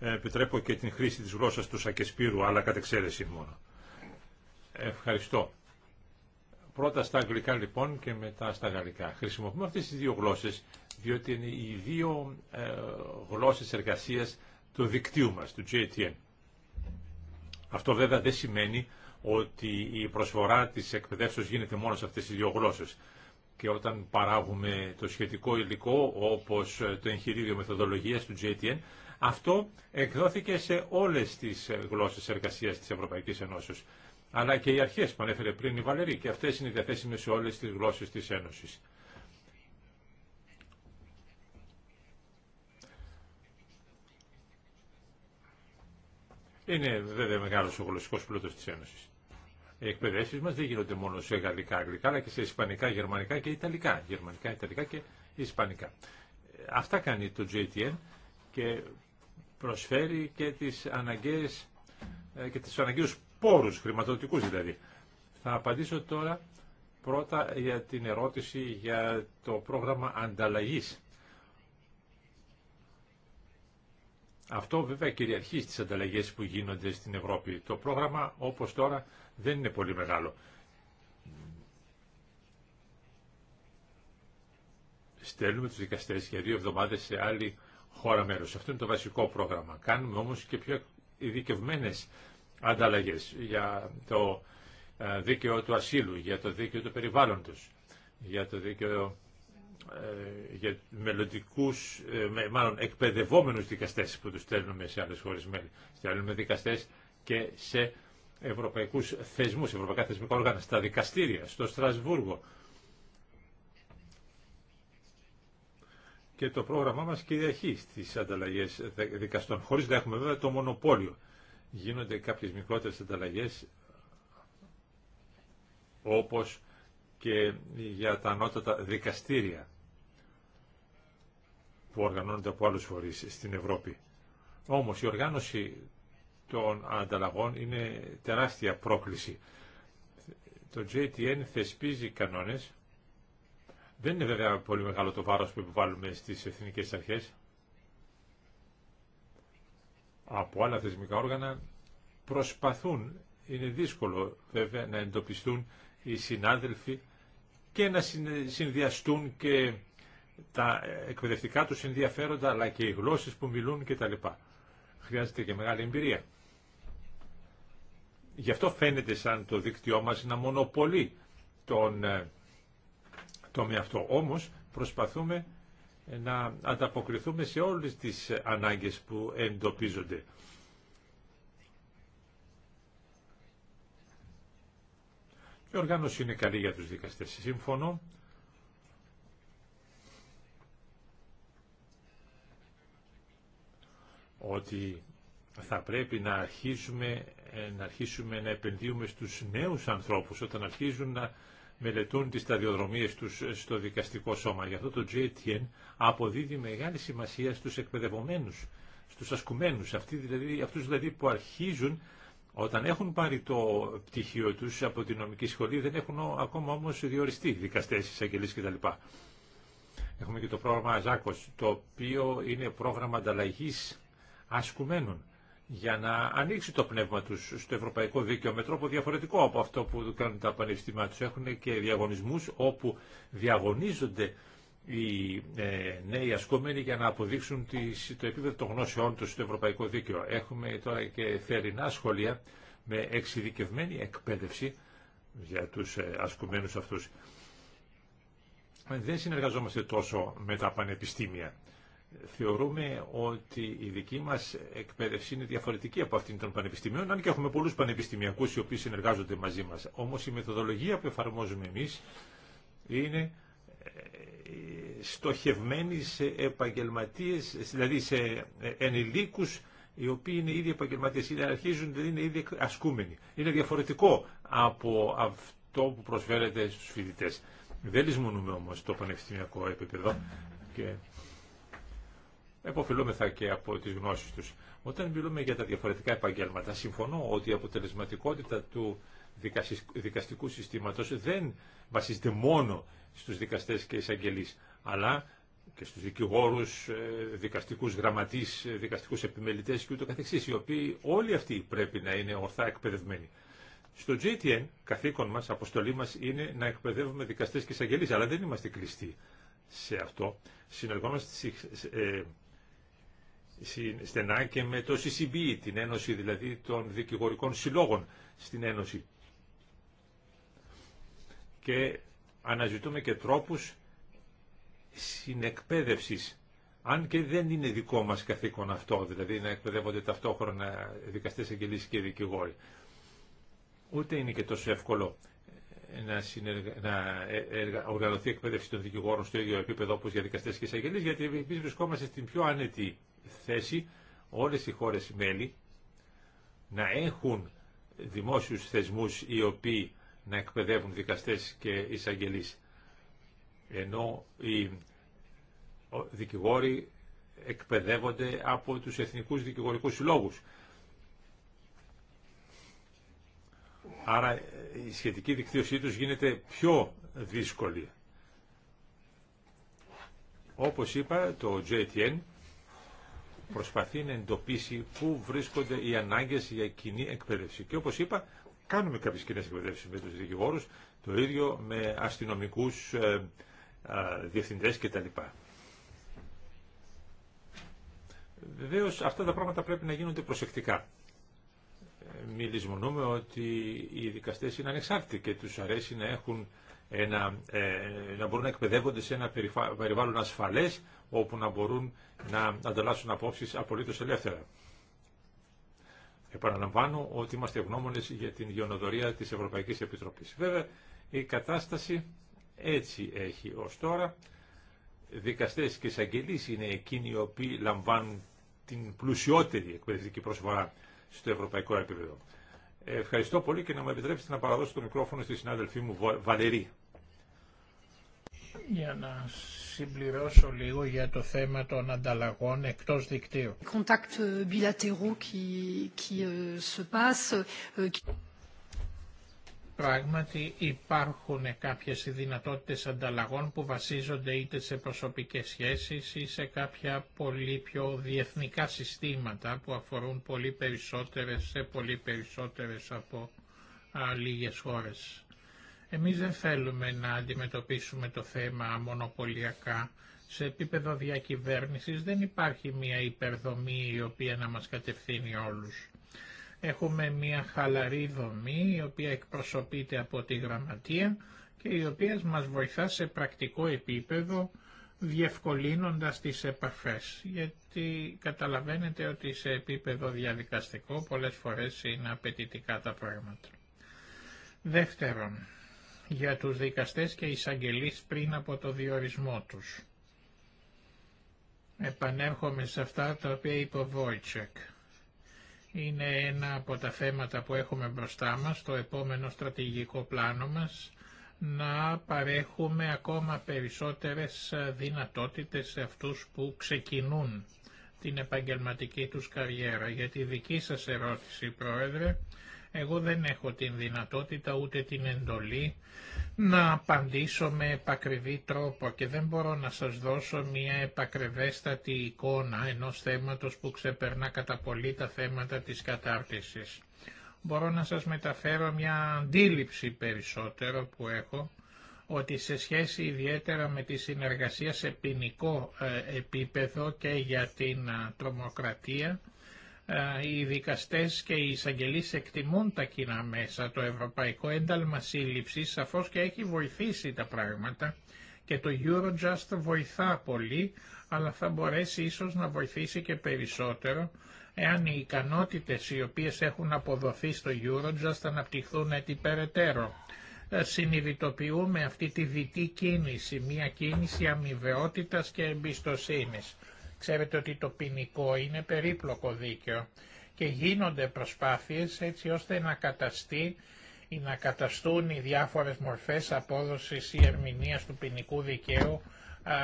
Ε, επιτρέπω και την χρήση της γλώσσας του Σακεσπύρου, αλλά κατ' εξαίρεση μόνο. Ευχαριστώ. Πρώτα στα αγγλικά λοιπόν και μετά στα γαλλικά. Χρησιμοποιούμε αυτές τις δύο γλώσσες, διότι είναι οι δύο ε, γλώσσες εργασίας του δικτύου μας, του JTN. Αυτό βέβαια δεν σημαίνει ότι η προσφορά της εκπαιδεύσεως γίνεται μόνο σε αυτές τις δύο γλώσσες. Και όταν παράγουμε το σχετικό υλικό, όπως το εγχειρίδιο μεθοδολογίας του JTN, αυτό εκδόθηκε σε όλες τις γλώσσες εργασίας της Ευρωπαϊκής Ένωσης. Αλλά και οι αρχές που ανέφερε πριν η Βαλερή, και αυτές είναι διαθέσιμες σε όλες τις γλώσσες της Ένωσης. Είναι βέβαια μεγάλο ο γλωσσικό πλούτο τη Ένωση. Οι εκπαιδεύσει μα δεν γίνονται μόνο σε γαλλικά, αγγλικά, αλλά και σε ισπανικά, γερμανικά και ιταλικά. Γερμανικά, ιταλικά και ισπανικά. Αυτά κάνει το JTN και προσφέρει και τι αναγκαίε ε, και τις αναγκαίους πόρους χρηματοδοτικούς δηλαδή. Θα απαντήσω τώρα πρώτα για την ερώτηση για το πρόγραμμα ανταλλαγής Αυτό βέβαια κυριαρχεί στις ανταλλαγές που γίνονται στην Ευρώπη. Το πρόγραμμα όπως τώρα δεν είναι πολύ μεγάλο. Στέλνουμε τους δικαστές για δύο εβδομάδες σε άλλη χώρα μέρος. Αυτό είναι το βασικό πρόγραμμα. Κάνουμε όμως και πιο ειδικευμένε ανταλλαγές για το ε, δίκαιο του ασύλου, για το δίκαιο του περιβάλλοντος, για το δίκαιο ε, για μελλοντικούς, ε, μάλλον εκπαιδευόμενους δικαστές που τους στέλνουμε σε άλλες χώρες μέλη. Στέλνουμε δικαστές και σε ευρωπαϊκούς θεσμούς, ευρωπαϊκά θεσμικά όργανα, στα δικαστήρια, στο Στρασβούργο. Και το πρόγραμμά μας κυριαρχεί στις ανταλλαγές δικαστών, χωρίς να έχουμε βέβαια το μονοπόλιο. Γίνονται κάποιες μικρότερες ανταλλαγές, όπως και για τα ανώτατα δικαστήρια που οργανώνονται από άλλους φορείς στην Ευρώπη. Όμως η οργάνωση των ανταλλαγών είναι τεράστια πρόκληση. Το JTN θεσπίζει κανόνες. Δεν είναι βέβαια πολύ μεγάλο το βάρος που επιβάλλουμε στις εθνικές αρχές. Από άλλα θεσμικά όργανα προσπαθούν, είναι δύσκολο βέβαια να εντοπιστούν οι συνάδελφοι και να συνδυαστούν και τα εκπαιδευτικά τους ενδιαφέροντα αλλά και οι γλώσσες που μιλούν κτλ. Χρειάζεται και μεγάλη εμπειρία. Γι' αυτό φαίνεται σαν το δίκτυό μας να μονοπολεί τον με αυτό. Όμως προσπαθούμε ε, να ανταποκριθούμε σε όλες τις ανάγκες που εντοπίζονται. Η οργάνωση είναι καλή για τους δικαστές. Σύμφωνο. ότι θα πρέπει να αρχίσουμε, ε, να αρχίσουμε να επενδύουμε στους νέους ανθρώπους όταν αρχίζουν να μελετούν τις σταδιοδρομίες τους ε, στο δικαστικό σώμα. Γι' αυτό το JTN αποδίδει μεγάλη σημασία στους εκπαιδευμένους, στους ασκουμένους, αυτοί δηλαδή, αυτούς δηλαδή που αρχίζουν όταν έχουν πάρει το πτυχίο τους από την νομική σχολή δεν έχουν ακόμα όμως διοριστεί δικαστές, εισαγγελίες κτλ. Έχουμε και το πρόγραμμα Ζάκος, το οποίο είναι πρόγραμμα ανταλλαγή ασκουμένων για να ανοίξει το πνεύμα τους στο ευρωπαϊκό δίκαιο με τρόπο διαφορετικό από αυτό που κάνουν τα πανεπιστήμια τους. Έχουν και διαγωνισμούς όπου διαγωνίζονται οι ε, νέοι ασκούμενοι για να αποδείξουν το επίπεδο των γνώσεών τους στο Ευρωπαϊκό Δίκαιο. Έχουμε τώρα και θερινά σχολεία με εξειδικευμένη εκπαίδευση για τους ε, ασκουμένους αυτούς. Δεν συνεργαζόμαστε τόσο με τα πανεπιστήμια. Θεωρούμε ότι η δική μας εκπαίδευση είναι διαφορετική από αυτήν των πανεπιστημίων, αν και έχουμε πολλούς πανεπιστημιακούς οι οποίοι συνεργάζονται μαζί μας. Όμως η μεθοδολογία που εφαρμόζουμε εμείς είναι στοχευμένη σε επαγγελματίες, δηλαδή σε ε, ενηλίκους οι οποίοι είναι ήδη επαγγελματίες, είναι αρχίζουν, δηλαδή είναι ήδη ασκούμενοι. Είναι διαφορετικό από αυτό που προσφέρεται στους φοιτητές. Δεν λησμονούμε όμως το πανεπιστημιακό επίπεδο και εποφελούμεθα και από τις γνώσεις τους. Όταν μιλούμε για τα διαφορετικά επαγγέλματα, συμφωνώ ότι η αποτελεσματικότητα του δικαστικού συστήματος δεν βασίζεται μόνο στους δικαστές και εισαγγελείς, αλλά και στους δικηγόρους, ε, δικαστικούς γραμματείς, ε, δικαστικούς επιμελητές και ούτω καθεξής, οι οποίοι όλοι αυτοί πρέπει να είναι ορθά εκπαιδευμένοι. Στο GTN, καθήκον μας, αποστολή μας είναι να εκπαιδεύουμε δικαστές και εισαγγελείς, αλλά δεν είμαστε κλειστοί σε αυτό. Συνεργόμαστε ε, στενά και με το CCB, την Ένωση δηλαδή των Δικηγορικών Συλλόγων στην Ένωση και αναζητούμε και τρόπους συνεκπαίδευσης αν και δεν είναι δικό μας καθήκον αυτό, δηλαδή να εκπαιδεύονται ταυτόχρονα δικαστές εγγελίσεις και δικηγόροι. Ούτε είναι και τόσο εύκολο να, συνεργα... να ε, οργανωθεί η εκπαίδευση των δικηγόρων στο ίδιο επίπεδο όπως για δικαστές και αγγελίε, γιατί εμείς βρισκόμαστε στην πιο άνετη θέση όλες οι χώρες μέλη να έχουν δημόσιους θεσμούς οι οποίοι να εκπαιδεύουν δικαστές και εισαγγελείς. Ενώ οι δικηγόροι εκπαιδεύονται από τους εθνικούς δικηγορικούς συλλόγους. Άρα η σχετική δικτύωσή τους γίνεται πιο δύσκολη. Όπως είπα, το JTN προσπαθεί να εντοπίσει πού βρίσκονται οι ανάγκες για κοινή εκπαίδευση. Και όπως είπα, κάνουμε κάποιε κοινέ εκπαιδεύσει με τους δικηγόρου το ίδιο με αστυνομικούς ε, ε, διευθυντές κτλ. Βεβαίω αυτά τα πράγματα πρέπει να γίνονται προσεκτικά. Μη λησμονούμε ότι οι δικαστέ είναι ανεξάρτητοι και τους αρέσει να, έχουν ένα, ε, να μπορούν να εκπαιδεύονται σε ένα περιβάλλον ασφαλές όπου να μπορούν να ανταλλάσσουν απόψεις απολύτως ελεύθερα. Επαναλαμβάνω ότι είμαστε ευγνώμονε για την γεωνοδορία τη Ευρωπαϊκή Επιτροπή. Βέβαια, η κατάσταση έτσι έχει ω τώρα. Δικαστέ και εισαγγελεί είναι εκείνοι οι οποίοι λαμβάνουν την πλουσιότερη εκπαιδευτική προσφορά στο ευρωπαϊκό επίπεδο. Ευχαριστώ πολύ και να μου επιτρέψετε να παραδώσω το μικρόφωνο στη συνάδελφή μου Βαλερή. Για να συμπληρώσω λίγο για το θέμα των ανταλλαγών εκτός δικτύου. Euh, euh, Πράγματι υπάρχουν κάποιες δυνατότητες ανταλλαγών που βασίζονται είτε σε προσωπικές σχέσεις ή σε κάποια πολύ πιο διεθνικά συστήματα που αφορούν πολύ περισσότερες σε πολύ περισσότερες από α, λίγες χώρες. Εμείς δεν θέλουμε να αντιμετωπίσουμε το θέμα μονοπωλιακά. Σε επίπεδο διακυβέρνησης δεν υπάρχει μια υπερδομή η οποία να μας κατευθύνει όλους. Έχουμε μια χαλαρή δομή η οποία εκπροσωπείται από τη γραμματεία και η οποία μας βοηθά σε πρακτικό επίπεδο διευκολύνοντας τις επαφές. Γιατί καταλαβαίνετε ότι σε επίπεδο διαδικαστικό πολλές φορές είναι απαιτητικά τα πράγματα. Δεύτερον, για τους δικαστές και εισαγγελείς πριν από το διορισμό τους. Επανέρχομαι σε αυτά τα οποία είπε ο Βόιτσεκ. Είναι ένα από τα θέματα που έχουμε μπροστά μας, το επόμενο στρατηγικό πλάνο μας, να παρέχουμε ακόμα περισσότερες δυνατότητες σε αυτούς που ξεκινούν την επαγγελματική τους καριέρα. Γιατί τη δική σας ερώτηση, Πρόεδρε, εγώ δεν έχω την δυνατότητα ούτε την εντολή να απαντήσω με επακριβή τρόπο και δεν μπορώ να σας δώσω μια επακριβέστατη εικόνα ενός θέματος που ξεπερνά κατά πολύ τα θέματα της κατάρτισης. Μπορώ να σας μεταφέρω μια αντίληψη περισσότερο που έχω ότι σε σχέση ιδιαίτερα με τη συνεργασία σε ποινικό ε, επίπεδο και για την ε, τρομοκρατία ε, οι δικαστές και οι εισαγγελείς εκτιμούν τα κοινά μέσα. Το Ευρωπαϊκό Ένταλμα σύλληψη σαφώς και έχει βοηθήσει τα πράγματα και το Eurojust βοηθά πολύ, αλλά θα μπορέσει ίσως να βοηθήσει και περισσότερο εάν οι ικανότητες οι οποίες έχουν αποδοθεί στο Eurojust αναπτυχθούν έτσι περαιτέρω. Ε, συνειδητοποιούμε αυτή τη δυτή κίνηση, μια κίνηση αμοιβαιότητας και εμπιστοσύνης. Ξέρετε ότι το ποινικό είναι περίπλοκο δίκαιο και γίνονται προσπάθειες έτσι ώστε να καταστεί ή να καταστούν οι διάφορες μορφές απόδοσης ή ερμηνείας του ποινικού δικαίου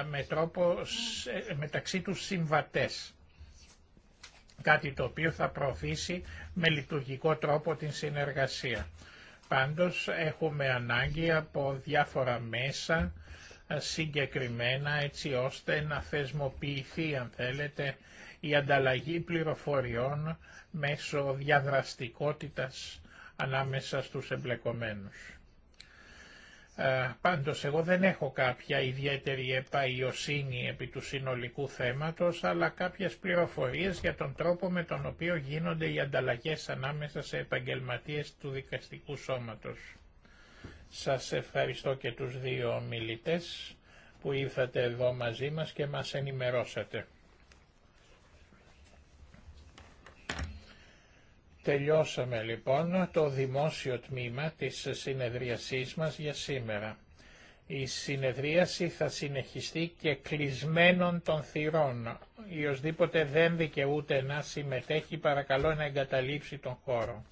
με τρόπο ε, μεταξύ τους συμβατές. Κάτι το οποίο θα προωθήσει με λειτουργικό τρόπο την συνεργασία. Πάντως έχουμε ανάγκη από διάφορα μέσα συγκεκριμένα έτσι ώστε να θεσμοποιηθεί αν θέλετε η ανταλλαγή πληροφοριών μέσω διαδραστικότητας ανάμεσα στους εμπλεκομένους. Ε, πάντως εγώ δεν έχω κάποια ιδιαίτερη επαϊοσύνη επί του συνολικού θέματος, αλλά κάποιες πληροφορίες για τον τρόπο με τον οποίο γίνονται οι ανταλλαγές ανάμεσα σε επαγγελματίες του δικαστικού σώματος. Σας ευχαριστώ και τους δύο ομιλητές που ήρθατε εδώ μαζί μας και μας ενημερώσατε. Τελειώσαμε λοιπόν το δημόσιο τμήμα της συνεδριασής μας για σήμερα. Η συνεδρίαση θα συνεχιστεί και κλεισμένων των θυρών. Ιωσδήποτε δεν δικαιούται να συμμετέχει παρακαλώ να εγκαταλείψει τον χώρο.